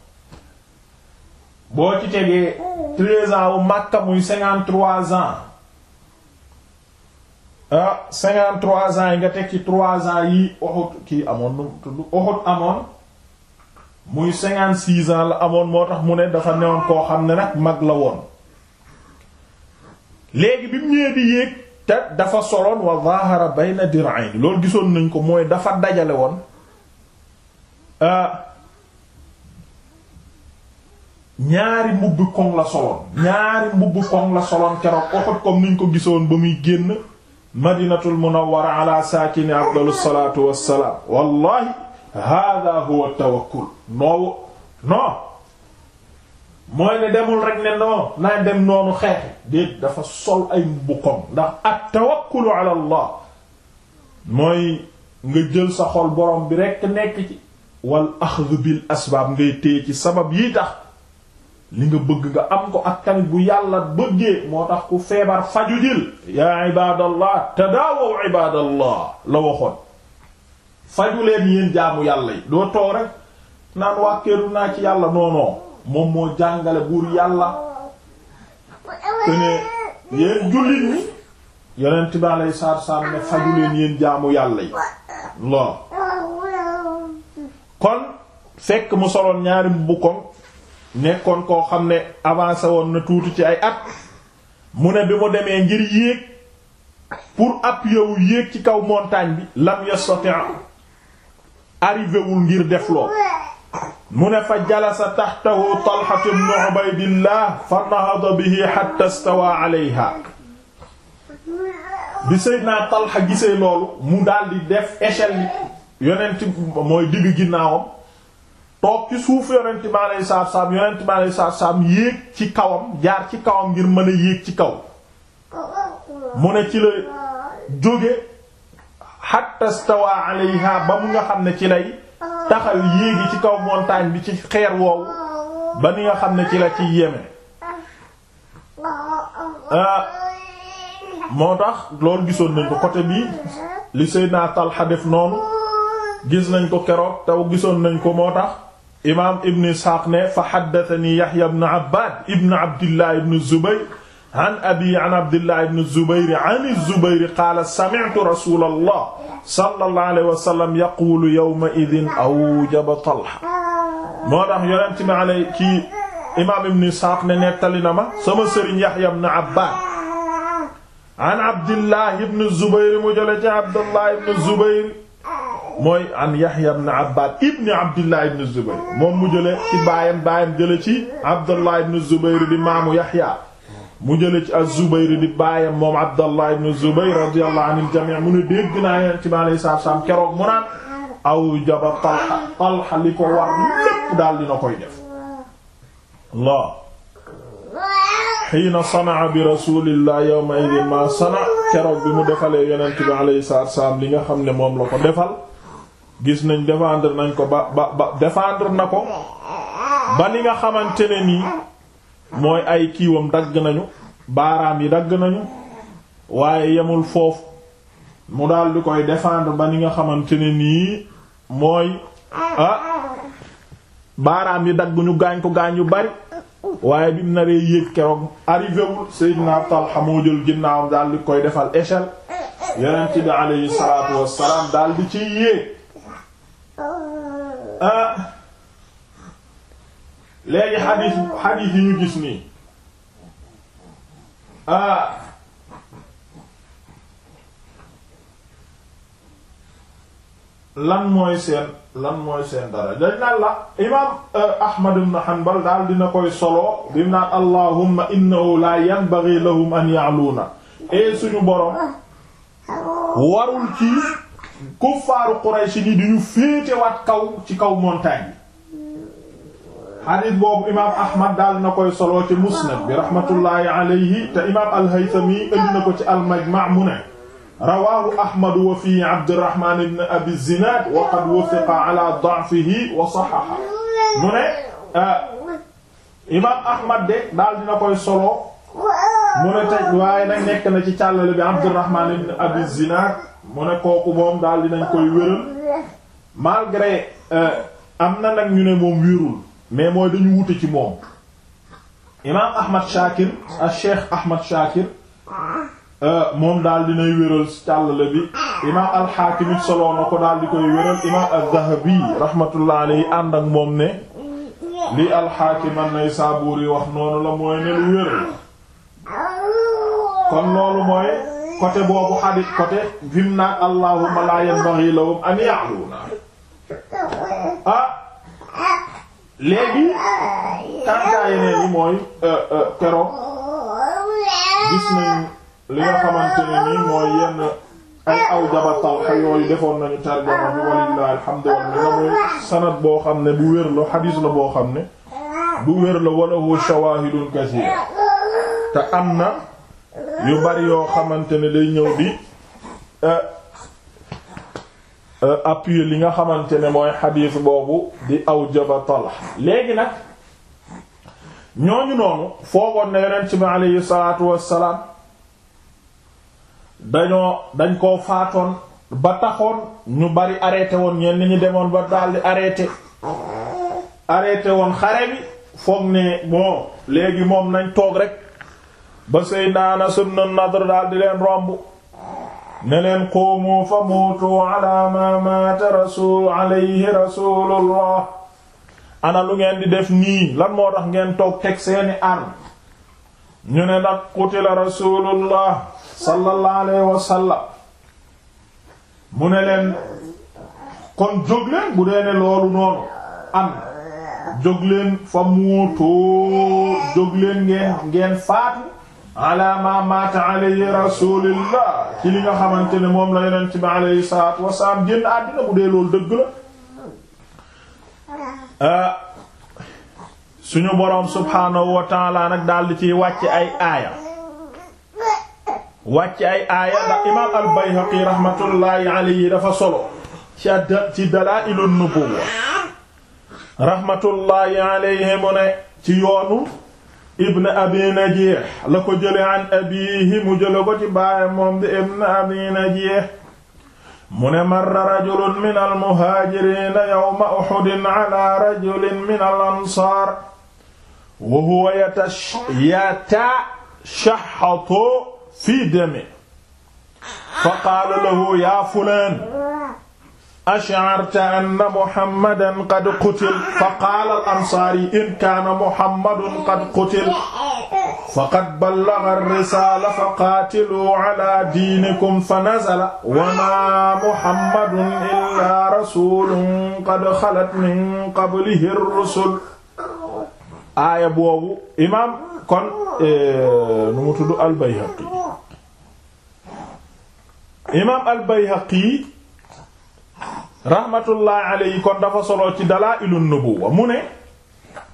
boo ci tegee treize ans wu Makka muy cinquante trois ans ah yi nga teg ci trois ans yi Uhud kii amoon nu tudd amoon muy cinquante six ans la amoon moo tax mu ne dafa newoon koo xam ne nag mag la woon léegi bi mu ñëwee di yéeg te dafa soloon wa zahara bayna dir'ayn loolu gisoon nañ ko mooy dafa dajale woon euh, ñaari mbubb koŋ la soloon ñaari mbubb koŋ la soloon keroog Uhud comme niñ ko gisoon ba muy génn madinatul munawwara ala saakini afdalu salaatu wassalaam wallahi hada huwa tawakkul noowu mooy ne demul rek ne non naa dem noonu xeexi déet dafa sol ay mbubbkom ndax at tawakkulu ala mooy nga jël sa xol borom bi rekk nekk ci wal axdu bil asbaab ngay téye ci sabab yi tax li nga bëgg nga am ko ak tamit bu yàlla bëggee moo tax ku feebar faju jil yaa ibadallah tadaawaw ibadallah la waxoon faju leen yéen jaamu yàlla yi doo too rek naan wàkkeeru naa ci yàlla noonoo moom moo jàngale buur yàlla te ne yéen jullit ñi yonent bi alayhi salaatu salaam ne faju leen yéen jaamu yàlla yi lool kon fekk mu soloon ñaari mbukkoom nekkoon koo xam ne avancé woon na tuuti ci ay at mu ne bi mu demee ngir yéeg pour at yow yéeg ci kaw montagne bi lam yastati arrivé wul ngir def loo mu ne fa jalasa taxtahu Talha ibn Ubaydillah fa nahada bihi hatta stawa alayha bi Seydina Talha gisee loolu mu daal di def échelle yonent mooy digg ginnaawam toog ci suuf yonent bi aleyhi salaatu salaam yéeg ci kawam jaar ci kawam ngir mën a yéeg ci kaw mu ne ci la jóge hatta stawa alayha ba mu nga xam ne ci lay taxaw yéegi ci kaw montagne bi ci xeer woowu ba ni nga xam ne ci la ci yéeme ah, moo tax lool gisoon nañ ko côté bii li Seydina Talha def noonu gis nañ ko keroog taw gisoon nañ ko moo tax imaam Ibn Isxaaq ne fa haddathani Yahya ibn Abbad ibn Abdillah ibn Zubayr an abi an abdillah ibn zubayr an zubayr qaala sami'tu rasulallah sallallahu alayhi wa sallam yaqulu yawma idin awjaba talha moo tax yonent mi alay kii imaam ibn Isxaaq ne nettali na ma sama sëriñ Yaxya ibn Abbaad an abdillah ibn zubayr mu jële ci abdullah ibn zubayr mooy an Yaxya ibn Abbaad ibn abdillah ibn zubayr moom mu jële ci baayam baayam jële ci abdullah ibn zubayr di maamu Yaxya mu jële ci az-Zubayr di baayam moom Abdallah ibn Zubayr radiyallahu anil jami' mu ne dégg naa yonent bi alayhi salaatu salaam keroog mu naan aw jaba Talha li ko war lépp daal dina koy def Allah hiina sana'a bi rasulillah yawma idin ma sana'a keroog bi mu defalee yonent bi alayhi salaatu li nga xam ne moom la ko defal gis nañ défendre nañ ko ba ba ba na ko ba ni nga xamante ne nii mooy ay kiiwam dagg nañu baaraam yi dagg nañu waaye yemul foofu mu daldi koy défendre ba ni nga xamante ne nii mooy ah, baaraam yi dagg ñu gaañ ko gaañ yu bari waaye bi mu naree yéeg keroog arrivé wul Seydina Talha moo jël ginnaawam daal koy defal échelle yonent bi alayhi salaatu wassalaam daal di ciy yéeg ah, léegi xadiis xadiis yi gis nii ah lan mooy seen dara dañ naan la imaam eh, Ahmad ibn Hanbal daal dina koy solo di naan allahumma innahu la yanbaghi lahum an ya'luna e eh, suñu borom warul ci kuffaaru Quraysh ni di ñu féete waat kaw ci kaw montagne xadis boobu imaam ahmad daal na koy solo ci musnad bi rahmatullahi alayhi imaam alhaytami indi na ko ci almajma mu ne rawaahu ahmadu wa fii abdirahman abi zinad wa qad wufiqa ala da'fihi wa saxaxa mu ne ah, imaam ahmad de daal dina koy solo mu ne waaye nag nekk na ci càllale bi abdirahman ibn abi zinad mu ne kooku moom daal dinañ koy wéral malgré ah, am na nag ñu ne moom wérul mais mooy dañu wute ci moom imaam Ahmad Shakir ak Cheikh Ahmad Shakir euh, moom daal dinay wéral càllale bi imaam al-Hakim it ko daal di koy wéral imaam az-Zahabi rahmatullah alayhi ànd ak moom ne li al-Hakim an-Naysaburi wax noonu la mooy ne lu wéral kon loolu mooy côté boobu xadit côté vim naag allahumma la yanbaghi lahum an ya'luna ah léegi kàntaa yeneen yi mooy euh, euh, keroog gis li nga xamante ni nii mooy yenn ay aw jaba talxa yooyu defoon nañu tarjama bi walillahi alhamdu wal minna sanad boo xam ne bu wér la xadiis la boo xam ne bu wér la walahu shawahidun kasiir te am na yu bari yoo xamante ne day ñëw bi Euh, appuyer li nga xamante ne mooy xadiis boobu di aw Talha léegi nag ñooñu noonu foogoon na yonent bi aleyhi salaatu wassalaam dañoo dañ koo faatoon ba taxoon ñu bari arrêté woon ñenn ñi demoon ba daldi arrêté arrêté woon xare bi foog ne bon léegi moom nañ toog rek ba sëy Seydina Anas ibn Nadr daldi leen romb ne leen qoomu fa muutu ala ma maata rasul alayhi rasulullah ana lu ngeen di def nii lan moo tax ngeen toog teg seeni arme ñu ne ndax qutila rasulullah sallallahu alayhi wa mu ne leen kon jóg leen bu dee ne loolu noonu am jóg fa muutu jóg ngeen faatu ala ma alayhi rasulillah ci li nga xamante ne moom la yonent bi alayhi salaatu wasalaam génn àddina bu dee loolu dëgg la ah, suñu boroom subhaanahu wa taala nag daal di ciy wàcc ay aaya wàcc ay aaya ndax imaam al-Bayhaqi rahmatullahi alayhi dafa solo ci ci Dalaa'ilun Nubuwwa rahmatullahi alayhi mu ne ci yoonu ibn abi najih la ko jële an abihi mu jële ko ci baayam moom di ibn abi najih mu ne marra rajulun min almuhaajiriina yawma uhudin ala rajulin min al ansaar wa huwa yatashahhatu fi dami fa qaala lahu yaa fulaan ash'arta anna muhammadan qad qutil fa qaala al-ansaari in kaana muhammadun qad qutil faqad ballagha ar-risaala fa qaatiluu alaa diinikum fa nazala wa maa muhammadun illaa rasuulun qad xalat min qablihi ar-rusul aaya boobu imaam kon eh, nu mu tudd al-Bayhaqi imaam al-Bayhaqi rahmatullah yi kon dafa solo ci dalaa'ilun nubuwwa mu ne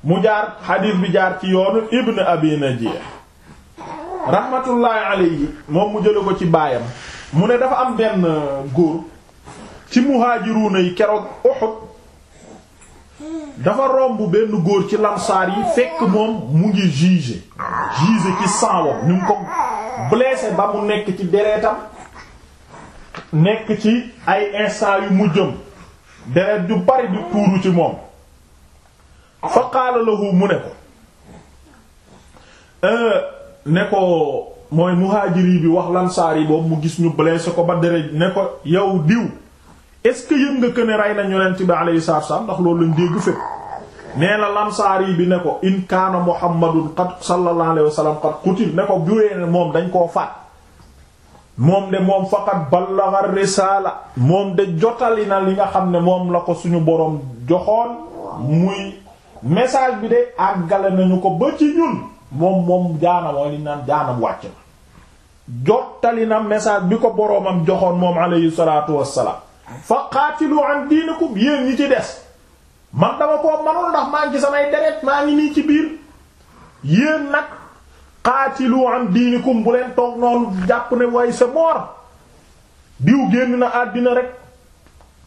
mu jaar xadiis bi jaar ci yoonu ibn abi najiih rahmatullah alayhi moom mu jële ko ci baayam mu ne dafa am benn góor ci muhaajiruuna yi keroog Uhud dafa romb benn góor ci lamsaar yi fekk moom mu ngi jugé jugé ci saawam ñu ngi ko blessé ba mu nekk ci deretam nekk ci ay instant yu mujjëm deret ju bari di tuuru ci moom fa qaala lahu mu ne ko euh, ne ko mooy muhaajiri bi wax lansaar yi boobu mu gis ñu blessé ko ba deret ne ko yow diw est-ce que yëg nga ko ne rey na yonent bi alayhi salaatu wassalaam ndax loolu lañ dégg fépp nee na lansaari bi ne ko in kaana muhammadun qad sallallahu alayhi wa sallam qad qutil ne ko buwee moom dañ koo faat moom de moom faqat ballagha risaala moom de jotali na li nga xam ne moom la ko suñu boroom joxoon muy message bi de àggale nañu ko ba ci ñun moom moom jaanam mooy li naan jaanam wàcc na jottali na message bi ko boroomam joxoon moom alayhi salaatu wassalaam fa qaatilu an diinikum yéen ñi ci des man dama koo manul ndax maa ngi ci samay deret maa ngi nii ci biir yéen nag qaatilu an diinikum bu leen toog noonu jàpp ne waaye sa moor génn na àddina rek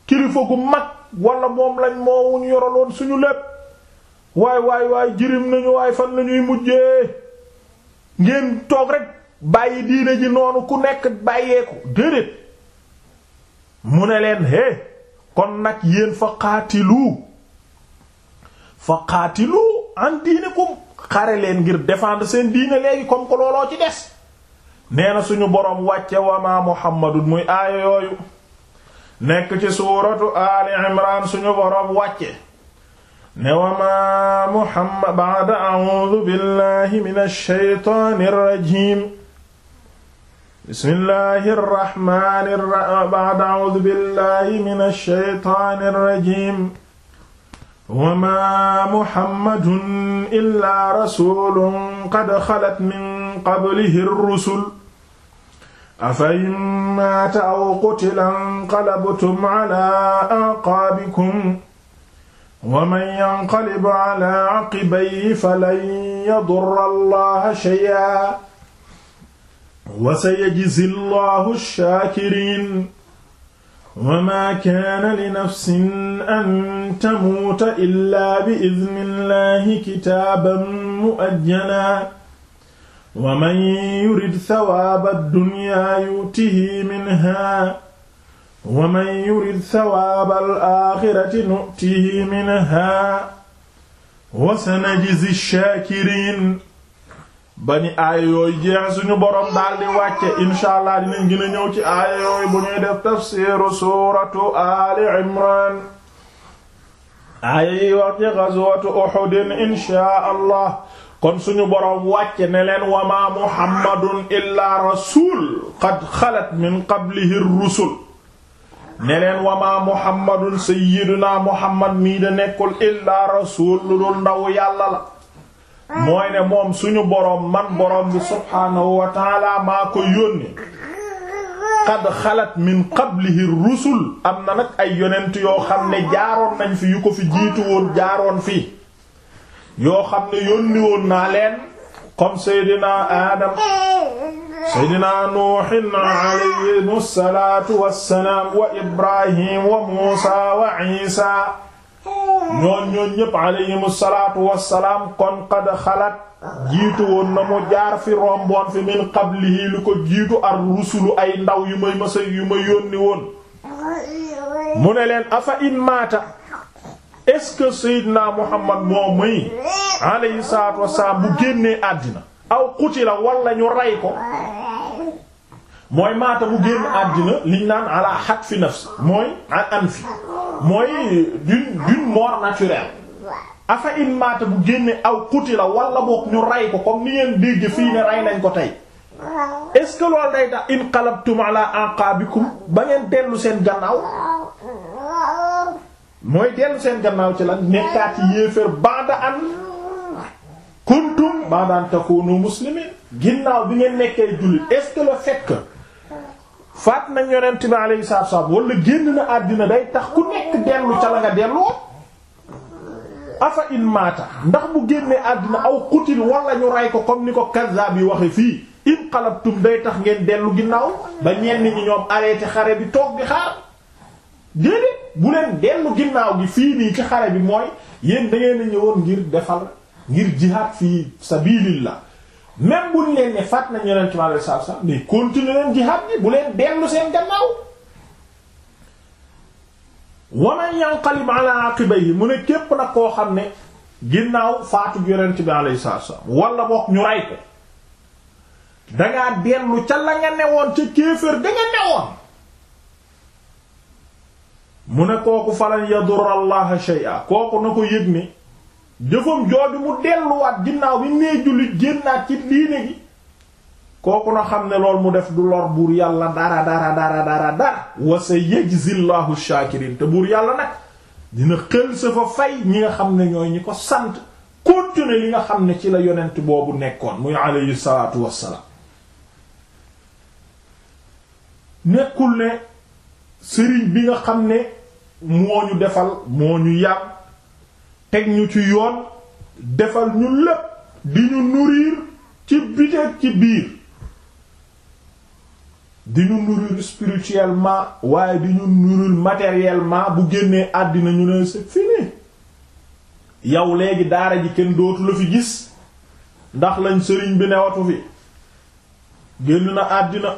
kilifa gu mag wala moom lañ moo ñu yoraloon suñu lépp waay waay waay jirim nañu waay fan la mujjee ngeen toog rek bàyyi diine ji noonu ku nekk bàyyeeku déedéet mu ne leen hé kon nag yéen fa qaatilu fa qaatilu an diinikum xare leen ngir défendre seen diine léegi comme que looloo ci des nee na suñu boroom wàcce wama muhammadun muy aaya yooyu nekk ci suuratu ali imran suñu boroom wàcce ne wama muhammad ba'da a'udhu billahi minash shaytanir rajim bismillahir rahmanir rahim ba'da a'udhu wama muhammadun illa rasulun qad xalat min qablihi rusul afa in maata aw qutila nqalabtum ala aqaabikum waman yanqalib ala aqibayhi falan yadurra allaha shay'an wa sayajzi allahu shaakiriin وما كان لنفس أن تموت إلا بإذن الله كتابا مؤجلا ومن يرد ثواب الدنيا يؤته منها ومن يرد ثواب الآخرة نؤته منها وسنجزي الشاكرين ba ni aaya yooyu jeex suñu boroom daal di wàcce insha allah dinañ gën a ñëw ci aaya yooyu bu de def tafsiru suratu ali aaya yi wax ci ghazwatu uhud kon suñu borom wàcce ne leen wa ma muhammadun illa rasul qad xalat min qablihi rusul ne wa ma muhammadun sayyiduna muhammad mii da nekkul illa rasul lu dul ndaw yàlla mooy moom suñu boroom man borom bi subhaanahu wa taala maa ko yónni qad xalat min qablihi rusul am na ay yonent yoo xam ne jaaroon nañ fi yu fi jiitu woon jaaroon fi yoo xam ne yónni woon naa leen comme seydina aadam seydina nuuhin alayhi salaatu wassalaam wa ibrahim wa muusa wa isa ñoon ñoon ñépp alayhimu kon qad xalaat jiitu woon na mu jaar fi romboon fi min qablihi lu ko jiitu ar rusulu ay ndaw yu may masa yu ma yónni woon mu ne leen afa in maata est-ce que Seydina Muhammad moo muy alayhi salaatu wassalaam bu génnee àddina aw qutila walla ñu rey ko mooy maata mu génn àddina liñ naan ala xat fi nafs mooy an an fi mooy d'une d'une mort naturelle afa in maata bu génne aw la wala boog ñu rey ko comme ni ngeen dégg fii ne rey nañ ko tey est-ce que loolu day tax inqalabtum ala anqabikum ba ngeen dellu seen gannaaw mooy dellu seen gannaaw ci lan nekkaat yi yéeféer ba'da an kuntum ba'da an takunu muslimin ginnaaw bi ngeen nekkee jullit est-ce que le fait faat nañ yonent bi alayhi salaatu wasallam wala génn na àddina day tax ku nekk dellu ca la nga delloo afa in maata ndax mu génnee àddina aw qutil wala ñu rey ko comme ni ko kazaab yi waxe fii inqalabtum day tax ngeen dellu ginnaaw ba ñenn ñi ñoom arrêté xare bi toog di xaar déedéet bu leen dellu ginnaaw gi fii nii ci xare bi mooy yéen da ngeen a ñëwoon ngir defal ngir jihaad fii sabilillah même buñ leen ne faat nañ yonent mi alayhi salaatu salaam mais continuer leen jihaad bu leen dellu seen gannaaw waman yanqalib ala aqibayhi mu ne képp nag koo xam ne ginnaaw faatu yonent bi alayhi salaatu salaam wala ñu rey ko dangaa dellu ca la nga woon ca kéefër da nga newoon mu ne kooku falan yadurra allaha shay'a kooku na ko yëg ni jëfam jooju mu delluwaat ginnaaw bi nee jullit génnaat ci diine gi kooku na xam ne lool mu def du lor buur yàlla dara dara dara dara dara wa sa yajzillahu shakirin te buur yàlla nag dina xël sa fa fay ñi nga xam ne ñooy ñi ko sant continuer yi nga xam ne ci la yonent boobu nekkoon muy alayhi salaatu wassalaam nekkul ne sëriñ bi nga xam ne moo ñu defal moo ñu yàpp teg ñu ci yoon defal ñu lépp di ñu nourrir ci biteeg ci biir di ñu nourrir spirituellement waaye di ñu nourrir matériellement bu génnee àddina ñu ne c'est fini yow léegi daara ji kenn dootu la fi gis ndax lañ sëriñ bi ne newatu fi génn na àddina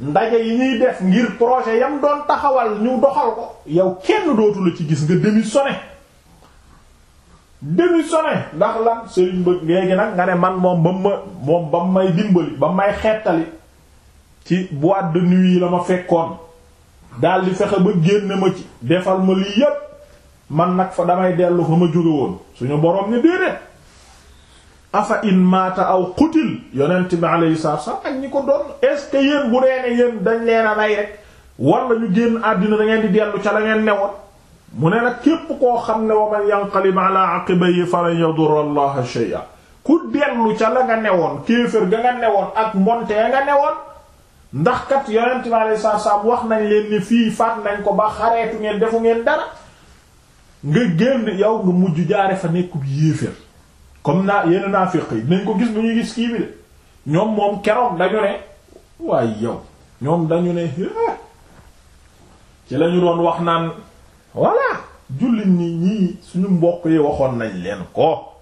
ndaje yi ñuy def ngir projet yam doon taxawal ñu doxal ko yow kenn dootu la ci gis nga démissionné démissionné ndax la Serigne Mbëgg léegi nag nga ne man moom ba ma moom ba mu may dimbali ba may xettali ci bu de nuit yi la ma fekkoon daal di fexe ba génn ma ci defal ma lii yépp man nag fa damay dellu fa ma jóge woon suñu boroom ni déedéet afa in maata aw xutil yonent bi alayhi salaatu salaam ak ñi ko doon est-ce que yéen bu dee ne yéen dañ leen a rey rek walla ñu génn àddina da ngeen di dellu ca la ngeen newoon mu ne na képp koo xam ne wa man yanqalib ala aqibayhi falan yadur allaha shay'a ku dellu ca la nga newoon kéefër ga nga newoon ak mbonte nga ne newoon ndax kat yonent bi alayhi wax nañ leen fii faat nañ ko ba xareetu ngeen defu ngeen dara nga génn yow nga mujj jaare fa nekkub yéeféer comme naa yenn naafiq yi nañ ko gis bu ñuy gis kii bi de ñoom moom keroog dañu ne waaye yow ñoom dañu ne ci lañu doon wax naan voilà jullit ñi ñii suñu mbokk yi waxoon nañ leen ko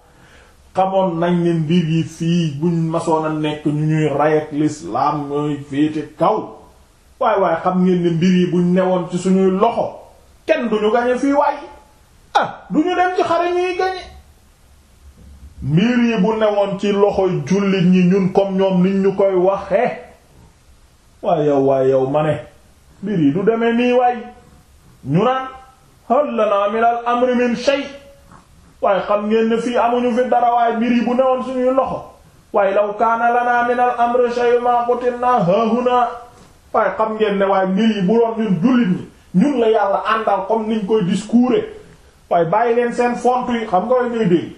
xamoon nañ ne mbir yi fii buñ masoon a nekk ñu ñuy rey ak lislaam ñooy féete kaw waaye waaye xam ngeen ne mbir yi buñ newoon ci suñuy loxo kenn duñu gañe fii waay ah, bu newoon ci loxoy jullit ñi ñun comme ñoom niñ ñu koy waxe waaye yow waaye yow ma ne mbir yi du demee nii waay ñu naan hal lana min al amri min waaye xam ngeen ne fii amuñu fi dara waaye mbir yi bu newoon suñuy loxo waaye law kaana lana min al amri shay ma qutilna haahuna waaye xam ngeen ne waaye mbir yi bu doon ñun jullit ñi ñun la yàlla àndal comme niñ koy discours waaye bàyyi leen seen font yi xam nga way ngay dégg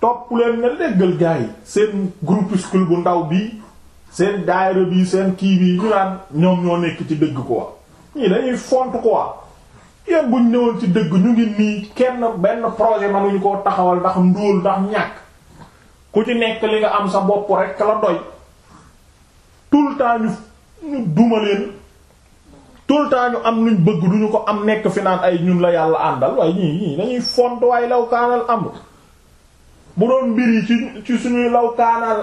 topp leen ne déggal gars yi seen groupuscule bu ndaw bii seen daayira bii seen kii bii ñu naan ñoom ñoo nekk ci dëgg quoi ñii dañuy font quoi yéen buñ newoon ci dëgg ñu ngi nii kenn benn projet ñu koo taxawal ndax ndóol ndax ñàkk ku ci nekk li nga am sa bopp rek la doy tout le temps ñu ñu duma tout le temps ñu am luñ bëgg duñu ko am nekk fi ay ñun la yàlla àndal waaye ñii ñii dañuy font waaye law kaanal am bu doon mbir yi ci ci suñuy law kaanal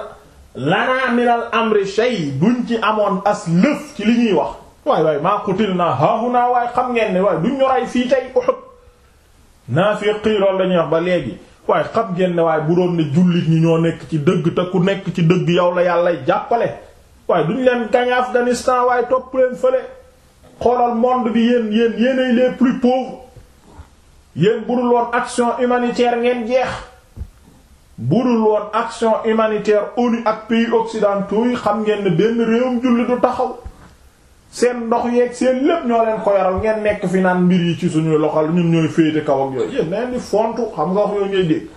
lanaa minal amri shay ci amoon as lëf ci li ñuy wax waay waay maa xutil naa haahunaa waay xam ngeen ni waay du ñoray fii tey Uhud naa fee xiirool lañuy wax ba léegi waaye xam ngeen ne waaye buroom doon ne jullit ñi ñoo nekk ci dëgg te ku nekk ci dëgg yow la yàlla jàppale waaye duñ leen gañ Afghanistan waaye topp leen fële xoolal monde bi yéen yéen yéenay les plus pauvres yéen budul woon action humanitaire ngeen jeex budul woon action humanitaire ONU ak pays occidentaux xam ngeen ne benn réewum jullit du taxaw seen ndox yeeg seen lépp ñoo leen ko yaral ngeen nekk fi naan mbir yi ci suñuy loxal ñun ñooy féete kaw yooyu yéen neen di fontu xam nga wax yooyu ngay dégg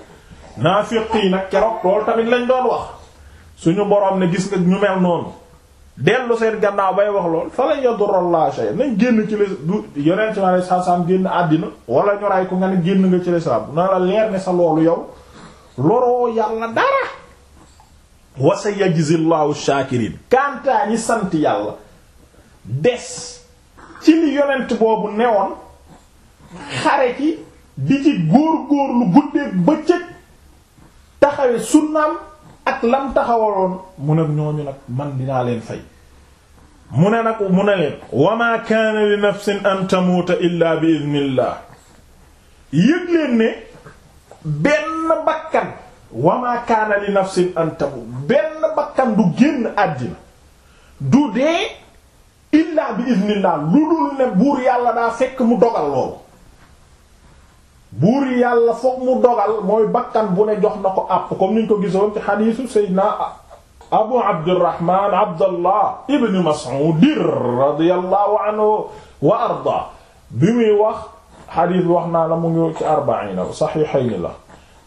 naafiq yi nag keroog loolu tamit lañ doon wax suñu borom ne gis nga ñu mel noonu dellu seen gannaaw bay wax lool fa la yadurallah shay génn ci les du yoneen ci ma sa sam génn àddina wala ñoraay ko nga ne génn nga ci lislaam na la leer ne sa loolu yow loroo yàlla dara wa sayajzillahu shakirin kantaa ñi sant yàlla des ci li yonent boobu newoon xare ci di ci góor góor lu guddee bëccëg taxawe sunnaam ak lam taxawaloon mu nag ñooñu nag man dinaa leen fay mu ne nag mu ne leen wa ma nafsin an tamuuta illa bi idnillah yëg ne benn bakkan wa ma kaana li nafsin an benn bakkan du génn àddina du dee illaa bi iznillah lu dul ne buur yàlla daa fekk mu dogal loolu buur yàlla foog mu dogal mooy bakkan bu ne jox na ko àpp comme niñ ko gisoon ci xadiisu seydina abu abdurrahman abdallah ibn mas'ud radiyallahu anhu wa arda bi muy wax xadiis wax naa la mu ngi ci arbaina saxiixayni la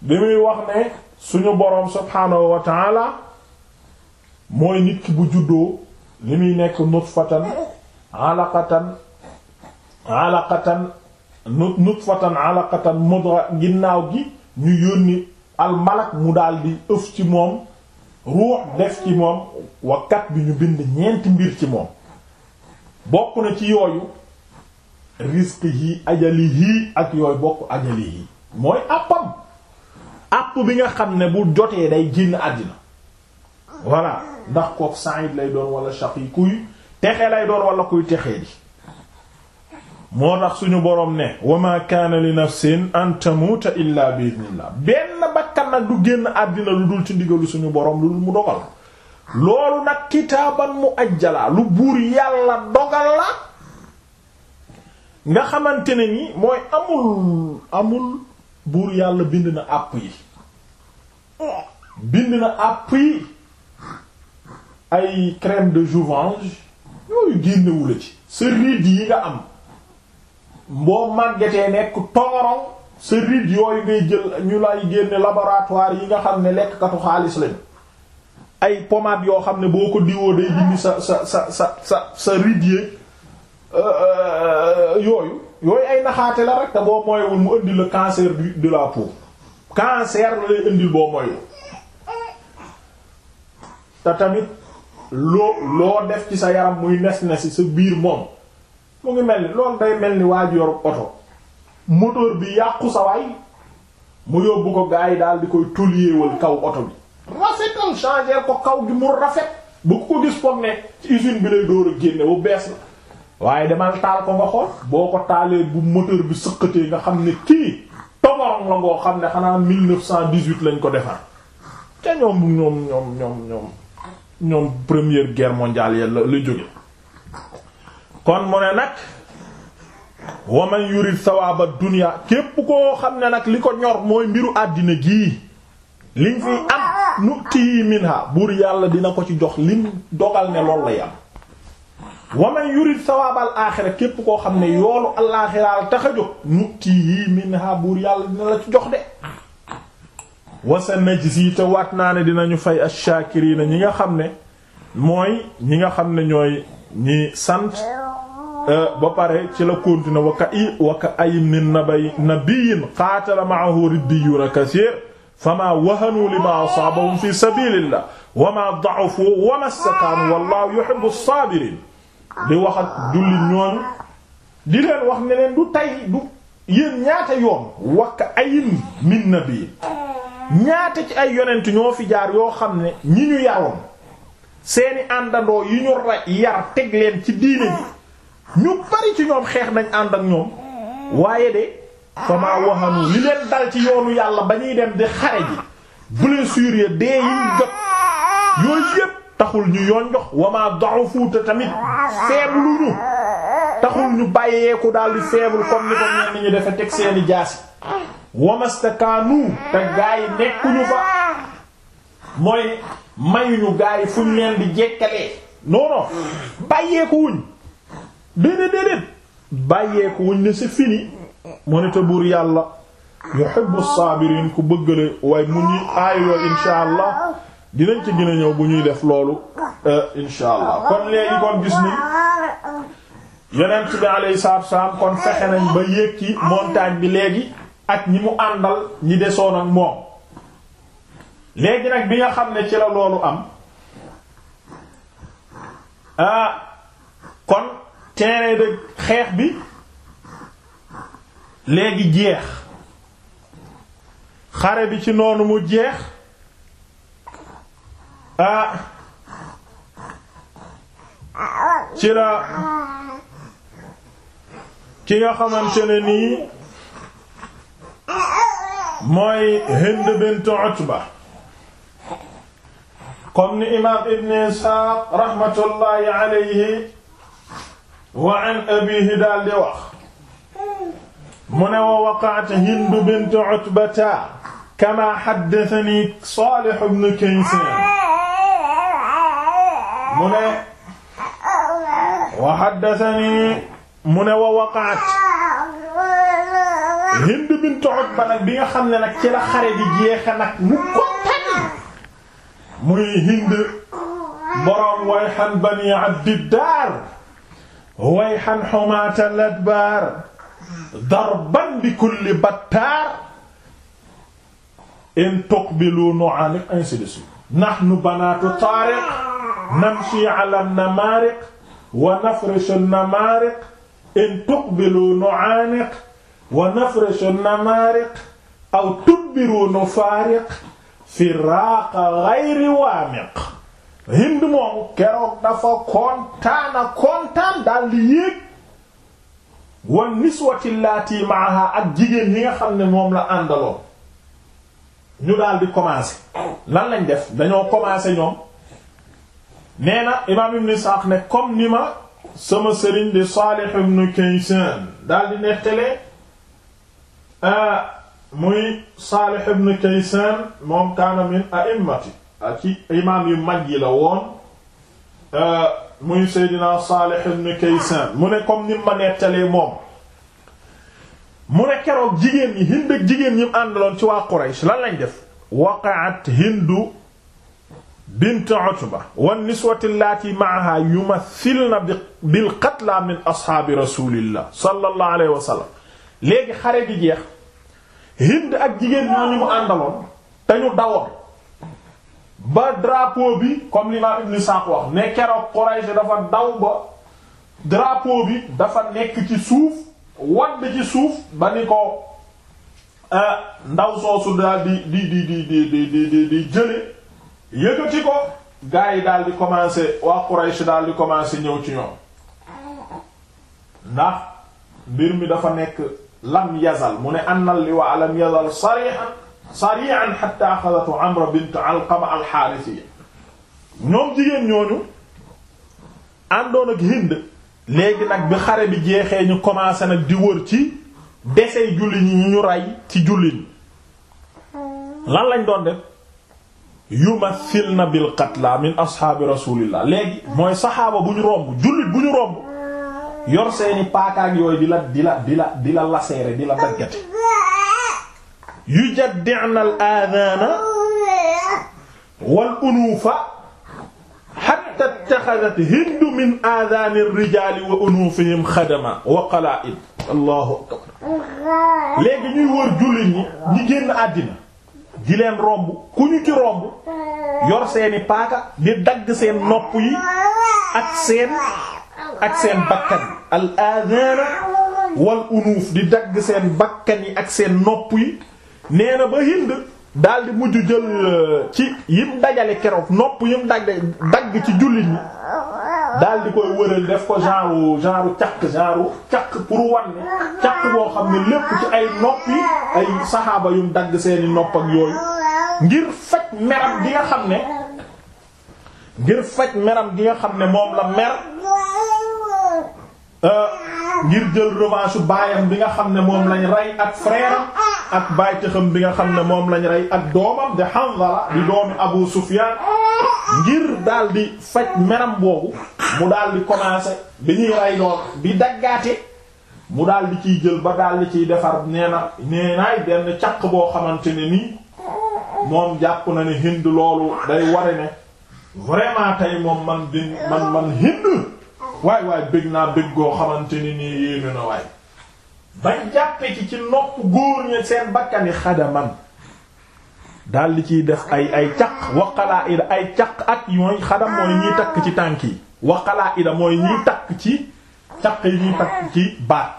bi muy wax ne suñu boroom subhaanahu wa taala mooy nit ki bu juddoo li muy nekk nutfatan alaqatan alaqatan nutfatan alaqatan mudra ginnaaw gi ñu yónni almalak mu daldi ëf ci moom ruux def ci moom wakat bi ñu bind ñeenti mbir ci moom bokk na ci yooyu risque yi ajali yii ak yooyu bokk ajali yii mooy àppam àpp bi nga xam ne bu jotee day génn àddina voilà ndax kook sa'id lay doon wala shaqi kuy texe lay doon wala kuy texee di moo tax suñu boroom ne wa ma kaana li nafsin an tamuuta illa bi idnillah benn bakkan nag du génn àddina lu dul ci ndigalu suñu boroom lu dul mu dogal loolu nag kitaaban mu ajjala lu buur yàlla dogal la nga xamante ne ni mooy amul amul buur yàlla bind na àpp yi bind na àpp yi ay crème de jouvence yooyu génnewu ci sa rides yi nga am boo màggetee nekk togorong sa rides yooyu ngay jël ñu lay génne laboratoire yi nga xam ne lekkkatu xaalis lañu ay pommade yoo xam ne boo ko diwoo day dindi sa sa sa sa sa sa rides yéeg euh, euh, yooyu yooyu ay naxaate la rek te boo moywul mu indi le cancer du de la peau cancer la lay indil boo moywul te tamit loo loo def ci sa yaram muy nes nesi sa biir moom mu ngi mel ni loolu day mel ni waa ji yor oto moteur bi yàqu sa waay mu yóbbu ko gaa yi daal di koy tulliyeewal kaw oto bi rafetal changer ko kaw gi mu rafet bu ko gis foog ne ci usine bi lay dóor a génne bu bees la waaye demal taal ko nga xool boo ko taalee bu moteur bi sëqatee nga xam ni kii tomorong la ngoo xam ne xanaa 1918 lañ ko defar ca ñoom ñoom ñoom ñoom ñoom ñoom première guerre mondiale yàlla la jóge kon mu ne nag waman yurid sawaaba dunya képp koo xam ne nag li ko ñor mooy mbiru àddina gii liñ fiy am nu tii minha buur yàlla dina ko ci jox lim dogal ne loolu lay am waman yurid sawaabal aaxira képp koo xam ne yoolu alaaxiraal tax a jóg nu tii minha buur yàlla dina la ci jox de wasa najzi te waat naa ne dinañu fay ash-shaakiriina ñi nga xam ne mooy ñi nga xam ne ñooy ñi sant euh, ba pare ci la continuer wa ka i wa ka ayim min nabay nabiyyin qaatala ma'ahu ribbiyuuna kasiir famaa wahanuu limaa asaabahum fi sabiilillah wamaa da'ufuu wamaa istaqaamu wallaahu yuhibbu as-saabiriin di wax ak jullit ñooñu di leen wax ne du tay du yéen ñaata yoon wa ka ayim min ñaata ci ay yonent ñoo fi jaar yoo xam ne ñi ñu yaroon seeni àndandoo yi ñu ra yar teg leen ci diine bi ñu bari ci ñoom xeex nañ ànd ak ñoom waaye de fama waxanu li leen dal ci yoonu yàlla ba ñuy dem di xare ji blessure ya dee yiñ jot yooyu yépp taxul ñu yoon jox ma doxu fuuta tamit feeblu ñu taxul ñu bàyyeeku daal di feebul comme ni ko ñenn ñi dafa teg seeni jaasi wamastakaanu te gaa yi nekkuñu fa mooy mayuñu gaa yi fuñ leen di jekkalee non non bàyyeeku wuñ déedéet déedéet bàyyeeku wuñ ne c'est fini mu ne te buur yàlla yuhibbu saabiriin ku bëggale waaye mu ñuy aayoo insha allah dinañ ci gën a ñëw bu ñuy def loolu euh, insha allah kon léegi kon gis ni yonent bi alayhi salaam kon fexe nañ ba yéeg ci montagne bi léegi. ak ñi mu àndal ñi desoon ak moom léegi nag bi nga xam ne ci la loolu am ah, kon terrain de xeex bi léegi jeex xare bi ci noonu mu jeex ah ci la ki nga xamante ne nii mooy Hind bint Utba comme ni imaam Ibn Isxaaq raxmatullaahi alayhi wa an abiihi daal di wax mu ne wa waqa'at Hind bint Utbata kamaa haddathanii Saalih ibn Kaysaan mu ne wa haddathanii mu ne wa waqa'at Hind bint Utba nag bi nga xam ne nag ci la xare di jeexe nag mu ko tan muy Hind boroom wayxan bani abdiddaar wayxan xumaata ladbaar darban bi kulli battaar in tuqbilu nu'aaliq ainsi de suite nahnu banaatu taariq namshi ala namaariq wa nafrishu namaariq in tuqbilu nu'aaliq wa nafrishu namaariq aw tudbiru nufaariq firaaqa ghayri waamiq hind moom keroog dafa kontaana kontaan daal di yéeg wa niswati llaati maaha ak jigéen ñi nga xam ne moom la àndaloo ñu daal di commencé lan lañ def dañoo commencé ñoom nee na imaam ibn Isaaq ne comme ni ma sama sëriñ di Saalih ibn Kaysan daal di nettalee muy Saalih ibn Kaysaan moom kaana min a'immati ci imaam yu mag yi la woon muy Seydina Saalih ibn Kaysaan mu ne comme ni ma nettalee moom mu ne keroog jigéen ñi Hind ak jigéen ñi mu àndaloon ci waa Quraysh lan lañ def waqa'at Hindu bint Utba wan niswati allati ma'aha yumathilna bil qatla min ashaabi rasulillah sallallahu alayhi wa sallam léegi xare bi jeex Hind ak jigéen ñooñu mu àndaloon te ñu dawoon ba drapeau bi comme l'imam Ibn Sa'd wax ne keroog Quraysh dafa daw ba drapeau bi dafa nekk ci suuf wadd ci suuf ba ni ko ah, ndaw soosu daal di di di di di di di di jële ko gaa yi daal di commencer waa Quraysh daal di commencer ñëw ci ñoom ndax mbir mi dafa nekk lam yazal mu ne anna liwaa lam yazal sarihan sarihan hatta axadatu amra bint alqama alxaarisiya ñoom jigéen ñooñu àndoon ak hind léegi nag bi xare bi jeexee ñu commencé nag di wër ci desey jullit ñi ñu rey ci jullit lan lañ doon def yumathilna bil qatla min ashaabi rasulillah léegi mooy saxaaba bu ñu romb jullit bu ñu romb yor seeni paakaak yooyu di la di la di la di la laseere di la daggate yu jaddi'na al aadaana hindu min aadaani rijaali wa unuufihim xadama wa qalaa'id allahu akbar léegi ñuy wër jullit ñi ñi génn àddina di leen romb ku ñu ci romb yor seeni paaka di dagg seen nopp yi ak seen ak seen bakkan al adana wal unuuf di dagg seen bakkan yi ak seen nopp yi nee na ba Hind daal di mujj jël euh, ci yim dajale keroog nopp yim dagg dagg ci jullit ñi daal di koy wëral def ko genre genre caq genre caq pour wan ne caq boo xam ne lépp ci ay nopp yi ay saxaaba yum dagg seeni nopp ak yooyu ngir faj meram gi nga xam ne ngir faj meram gi nga xam ne moom la mer Euh, ngir jël revanche baayam bi nga xam ne moom lañ rey ak frère ak baay tëxam bi nga xam ne moom lañ rey ak doomam de Hanzala di doomi Abu Sufyan ngir daal di faj meram boobu mu daal commencer bi ñuy rey noonu di daggaate mu daal di ciy jël ba daal ciy defar nee na nee naay benn caq boo xamante ne nii moom jàpp na ne Hind loolu day ware ne tey moom man Hind waay waay bëgg naa bëgg goo xamante ni nii yéeme na waay bañ jàppe ci ci nopp góor ña seen bakkani xadaman daal di ciy def ay ay caq waqalaa ida ay caq ak mooy xadam mooy ñuy takk ci tànk yi waqalaa ida mooy ñuy takk ci caq yi ñuy takk ci baat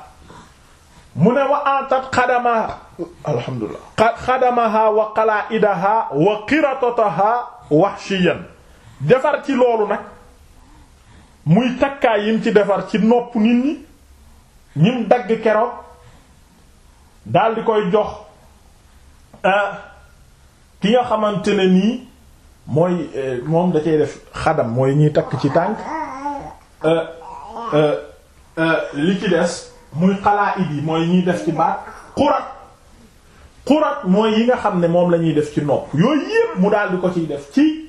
mu ne wa antat xadamaha alhamdulillah xadamaha wa qalaa idaha wa qiratataha wahshiyan defar ci loolu nag muy takkaay yim ci defar ci nopp nit ñi ñim dagg keroog daal di koy jox euh, ki nga xamante ne nii mooy euh, moom da cay def xadam mooy ñuy takk ci tànk euh, li ci des muy xalaa it yi mooy ñiy def ci baat xurat xurat mooy yi nga xam ne moom lañuy def ci nopp yooyu yépp mu daal di ko ciy def ci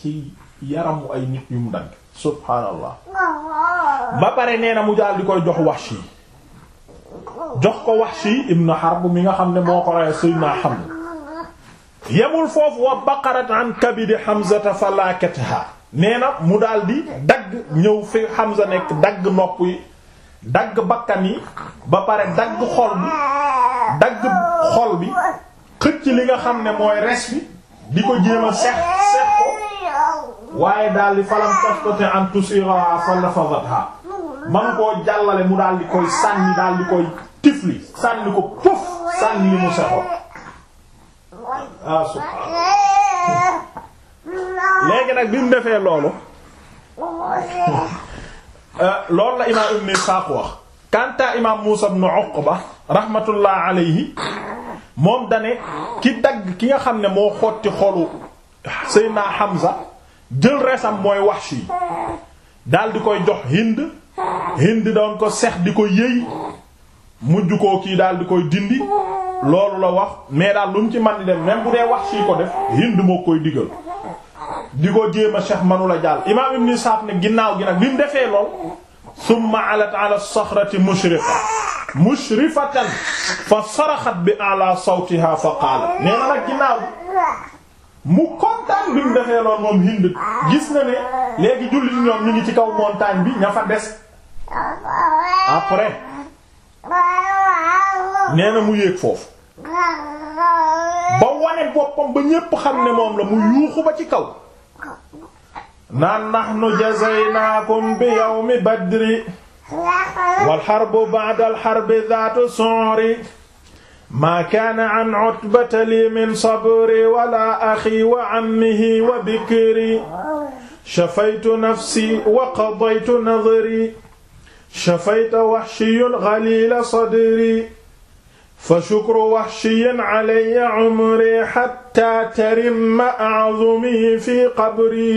ci yaramu ay nit yu mu dagg subhaanallah ba pare nee mu daal di koy jox Wahshi jox ko Wahshi ibn Harb mi nga xam ne moo ko rey sayyidina Hamza yemul foofu wa baqarat an kabidi Hamzata falakatha nee na mu daal di dagg ñëw fi Hamza nekk dagg nopp yi dagg bakkan yi ba pare dagg xol bi dagg xol bi xëcc li nga xam ne mooy res bi di ko jéem sex sex waaye daal di falam tastati an tusira falafadhatha man koo jàllale mu daal di koy sànni daal di koy tifli sànni ko pof sànni li mu sexo ah, léegi nag bi mu defee loolu euh, loolu la imaam ibn Isaaq wax imaam Muusa ibn Uqba rahmatullah alayhi moom dane ki dagg ki nga xam ne moo xotti xolu Seydina Hamza jël resam mooy Wahshi daal di koy jox Hind Hind doon ko sex di ko yëy mujj koo kii daal di koy dindi loolu la wax mais daal lu mu ci man di dem même bu dee Wahshi ko def Hind moo koy digal di ko jéem a sex manu la jàll imaam Ibn Ishaq ne ginnaaw gi nag bi mu defee lool summa alat ala saxrati mushrifa mushrifatan fa saraxat bi ala sawtiha fa qaala nee nag ginnaaw mu kontaan bi mu defee lool moom Hind gis na ne léegi jullit ñoom ñu ngi ci kaw montagne bi ña fa des après nee na mu yéeg foofu ba wane boppam ba ñépp xam ne moom la mu yuuxu ba ci kaw naan nahnu jazaynaakum bi yawmi badri wal harbu ba'da al harbi dhaatu su'ri maa kaana an utbata li min sabri wala axi wa ammihi wa bikri shafaytu nafsi wa qadaytu nadri shafayta waxshiyun galiila sadri fa shukru waxshiyin alayya umri xatta tarimma azumi fi qabri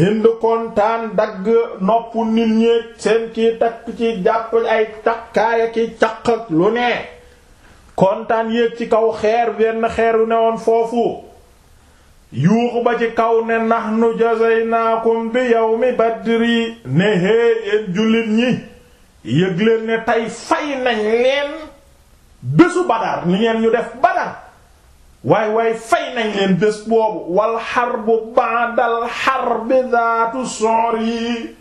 hind kontaan dagg nopp nit ñi seen kii takk ci jàpp ay takkaaya ki caq lu ne kontaan yéeg ci kaw xeer benn xeeru yu ne woon foofu yuuxu ba ci kaw ne nahnu jazaynaakum bi yawmi badri ne hee yéen jullit ñi yëg ne tey fay nañ leen bésu badar ni ngeen ñu def badar waay waay fay nañ leen bés boobu wal harbu ba'dal harbi zaatu soor yi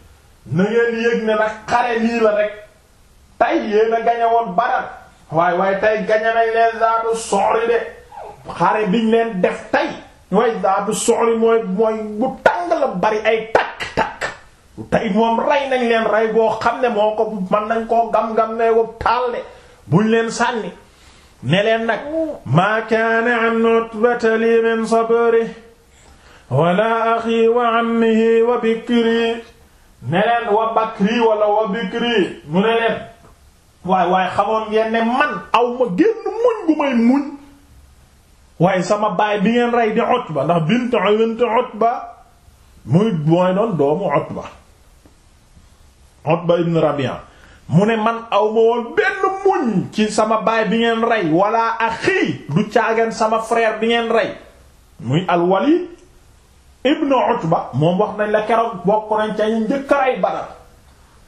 na ngeen yëg ne nag xare nii la rek tey yéen a gañe badar waaye waaye tey gañe nañ leen zaatu soxri de xare biñ leen def tey waaye zaatu soxri mooy mooy bu tàng bari ay takk-takk tey moom rey nañ leen rey boo xam ne moo ko man nañ koo gam-gam ne wop taal de buñ leen sànni ne leen nag maa kaana an utbata li min sabri wala axi wa ammihi wa bikri ne leen wa bakri wala wa bikri mu ne leen waaye waaye xamoon ngeen man aw ma génn muñ bu may muñ waaye sama baay bi ngeen rey di Utba ndax bint bint Utba muy mooy doon doomu Utba mu ne man aw benn muñ ci sama baay bi ngeen rey walla axi du caagan sama frère bi ngeen rey muy al-Walid ibn Utba moom wax nañ la keroog bokk nañ ca ñu njëkk rey Badar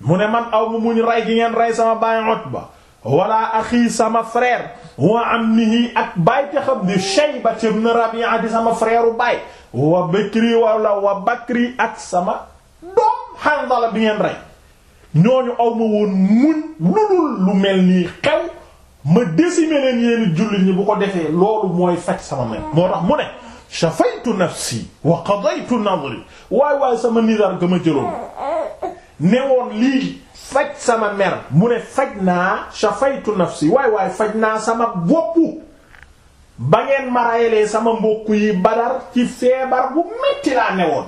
mu ne man aw mu ñu rey gi ngeen rey sama baay Utba wala axi sama frère wa ammihi ak baay te xam ni Shayba ibn Rabi'a di sama frère baay wa Bakri wala wa Bakri ak sama doom Handala bi ngeen rey ñooñu aw ma woon muñ lulul lu mel nii xew ma décimer leen yéen jullit ñi bu ko defee loolu mooy faj sama mel moo tax mu ne shafaytu nafsi wa qadaytu nadri waay waay sama nizar ga ma jëloon newoon lii faj sama mer mu ne faj naa shafaytu si waay waay faj naa sama bopp ba ngeen ma rayalee sama mbokk yi badar ci feebar bu metti laa newoon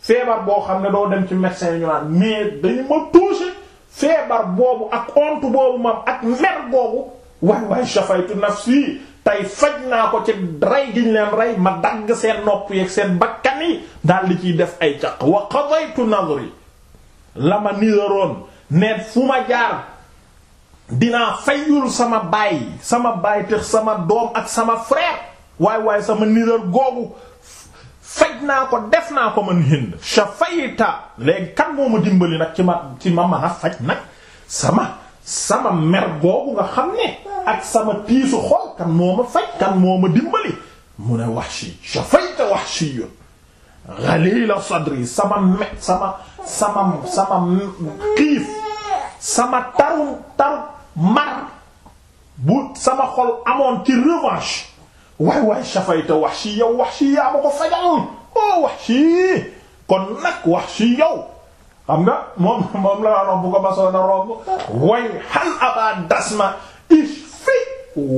feebar boo xam ne doo dem ci médecin ñu naan mais dañu ma touché feebar boobu ak honte boobu mam ak mer boobu waay waay shafaytu nafsi tey faj naa ko ci rey gi ñu leen rey ma dagg seen nopp yeeg seen bakkan yi daal di ciy def ay caq wa qadaytu nadri la ma nidaroon ne fu ma jaar dinaa fayul sama baay sama baay tex sama doom ak sama frère waay waay sama nidar googu faj naa ko def naa ko man hind shafayta léegi kan ma dimbali nag ci ma ci ma mën a faj nag sama sama mer googu nga xam ne ak sama tiisu xol kan moo ma faj kan moo ma dimbali mu ne Wahshi shafayta Wahshi yoon ghalila sadri sama me sama sama sama xiif sama taru taru mar bu sama xol amoon ci revanche waay waay safayta Wahshi yow Wahshi yaa ma ko fajal oh Wahshi kon nag Wahshi yow xam nga moom moom la romb bu ko basoo na romb way hal aba dasma ishfi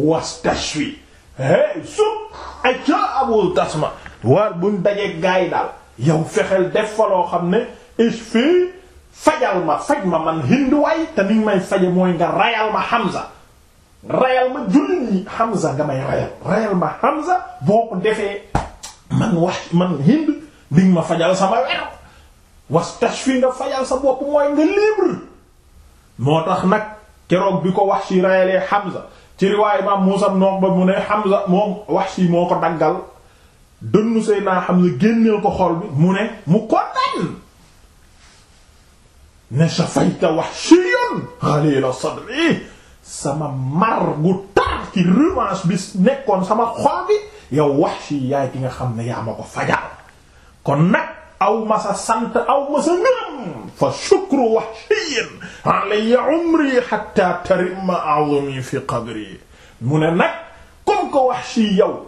wastashfi hey sup ay ca abul dasma war buñ dajee gaay daal yow fexeel def fa loo xam ne ishfi fajal ma faj ma man hinduwaay te ni may faje mooy nga rayal ma Hamza rayal ma jullit ñi Hamza nga may rayal rayal ma Hamza boo ko defee man wax man hind ni ma fajal sama wér wastashfi nga fajal sa bopp mooy nga libre moo tax nag keroog bi ko Wahshi rayalee Hamza ci riwaay Imaam Muusaa nox ba mu ne Hamza moom Wahshi moo ko daggal dënnu xam Hamza génneel ko xool bi mu ne mu kontaan ne shafayta wahshiyan ghalila sadri sama mar gu tar ci revanche bi nekkoon sama xol bi yow wahshi yaay ki nga xam ne yaa ma ko fajal kon nag aw ma sa sant aw ma sa ngërëm fa shukru wahshiyan alayya umri hatta tarimma a'zumi fi qabri mu ne nag comme que wahshi yow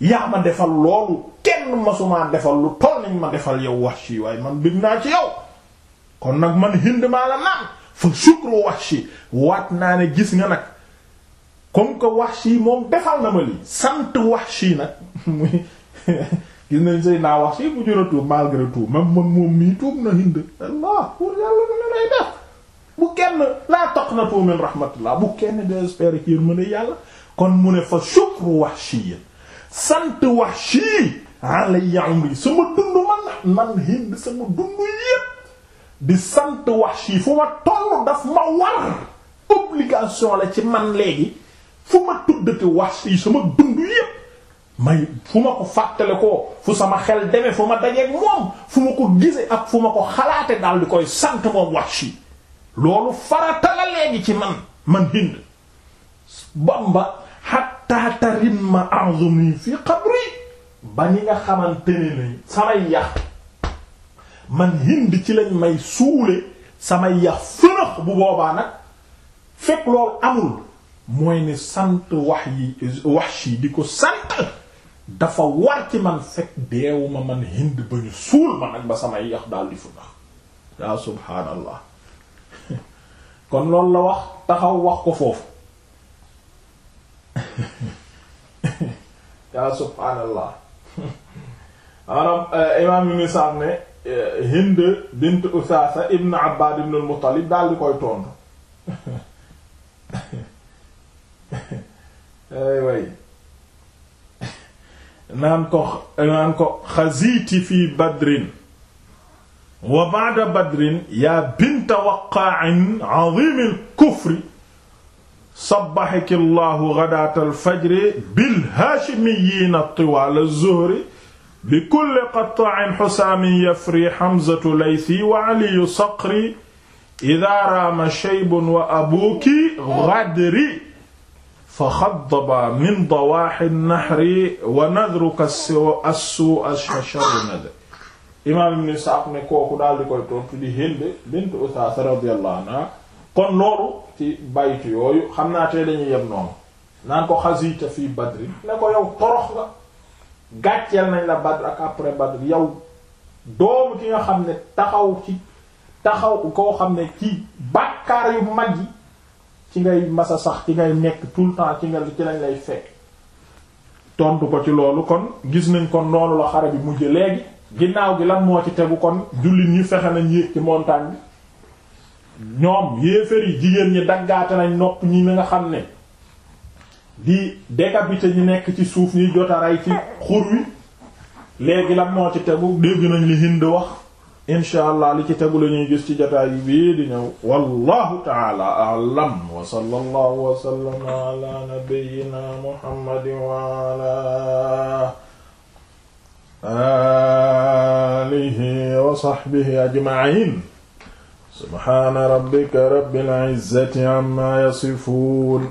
yaa ma defal loolu kenn masumaa defal lu toll nañ ma defal yow wahshi waaye man bëgg naa ci yow kon nag man hind maa la naan fa sukru Wahshi waat naa ne gis nga nag comme que Wahshi moom defal na ma lii sant Wahshi nag (laughs) muy gis nañ say naa Wahshi bu jëra tuub malgré tout même moom mii tuub na hind allah pour yàlla mu ne lay def bu kenn laa taqnatu min rahmatillah bu kenn désespéré ci yéen mën yàlla kon mu ne fa shukru Wahshi sant Wahshi alayya umri sama dund man man hind sama dund yépp di sant Wahshi fu ma toll daf ma war obligation la ci man léegi fu ma tuddati Wahshi sama dund yépp may fu ma ko fàttale koo fu sama xel demee fu ma dajeeg moom fu ma ko gise ak fu ma ko xalaate daal di koy sant moom Wahshi loolu farata la léegi ci man man Hind Bamba hatta tarim ma a'zumi fi qabri ba ni nga xamante ne ni samay yàq man hind ci lañ may suule samay yax fënax bu boobaa nag fekk loolu amul mooy ne sant wax yi wax si di ko sant dafa war ci man fekk deewuma man hind ba ñu suul ma nag ba samay yax daal di fënax yaa subhaanallah (laughs) kon loolu la wax taxaw wax ko foofu (laughs) yaa subhaanallah (laughs) maanaam eh, imaam yu ni saam ne Eh, Hind bint Usaasa ibn Abbaad ibn al-Muttalib daal di koy tontu (laughs) way naan ko naan ko xaziiti fi badrin wa ba'da badrin yaa binta waqaa'in 'aziim al-kufri sabbahaki llaahu ghadaata al-fajri bil haashimiyyiina tiwaal az-zuhri bi kulli qatta'in xusaamin yafri xamzatu laysi wa aliyu saqri idaa raama shaybun wa abuuki gadri fa xaddaba min dawaaxi naxri wa nadruka assuu'a sharru nadr imaam ibn Isxaaq ne kooku daal di koy tontu di Hind bint Usaasa radiyallahu anha kon loolu ci baytu yooyu xam naa tey dañuy yem noonu naan ko xasiita fii Badri ne ko yow torox nga gàcceel nañ la Badr ak après Badr yow doomu ki nga xam ne taxaw ci taxaw koo xam ne ci bàkkaar yu mag yi ci ngay masa sax ci ngay nekk tout le temps ci nga ci lañ lay fekk tontu ko ci loolu kon gis nañ kon noonu la xare bi mujj léegi ginnaaw gi lan moo ci tegu kon jullit ñu fexe nañ yéeg ci montagne bi ñoom yéefar yi jigéen ñi daggaate nañ nopp ñi nga xam ne di décapité ñi nekk ci suuf ñuy jot a rey ci xur wi léegi lan moo ci tegu dégg nañ li Hind wax insha allah li ci tegu la ñuy gis ci jotaay yi bii di ñëw wallahu taala a'lam wa sallallahu wa sallama ala nabiyyina muhammadin wa ala alihi wa sahbihi ajma'in subhana rabbika rabbil izzati amma yasifun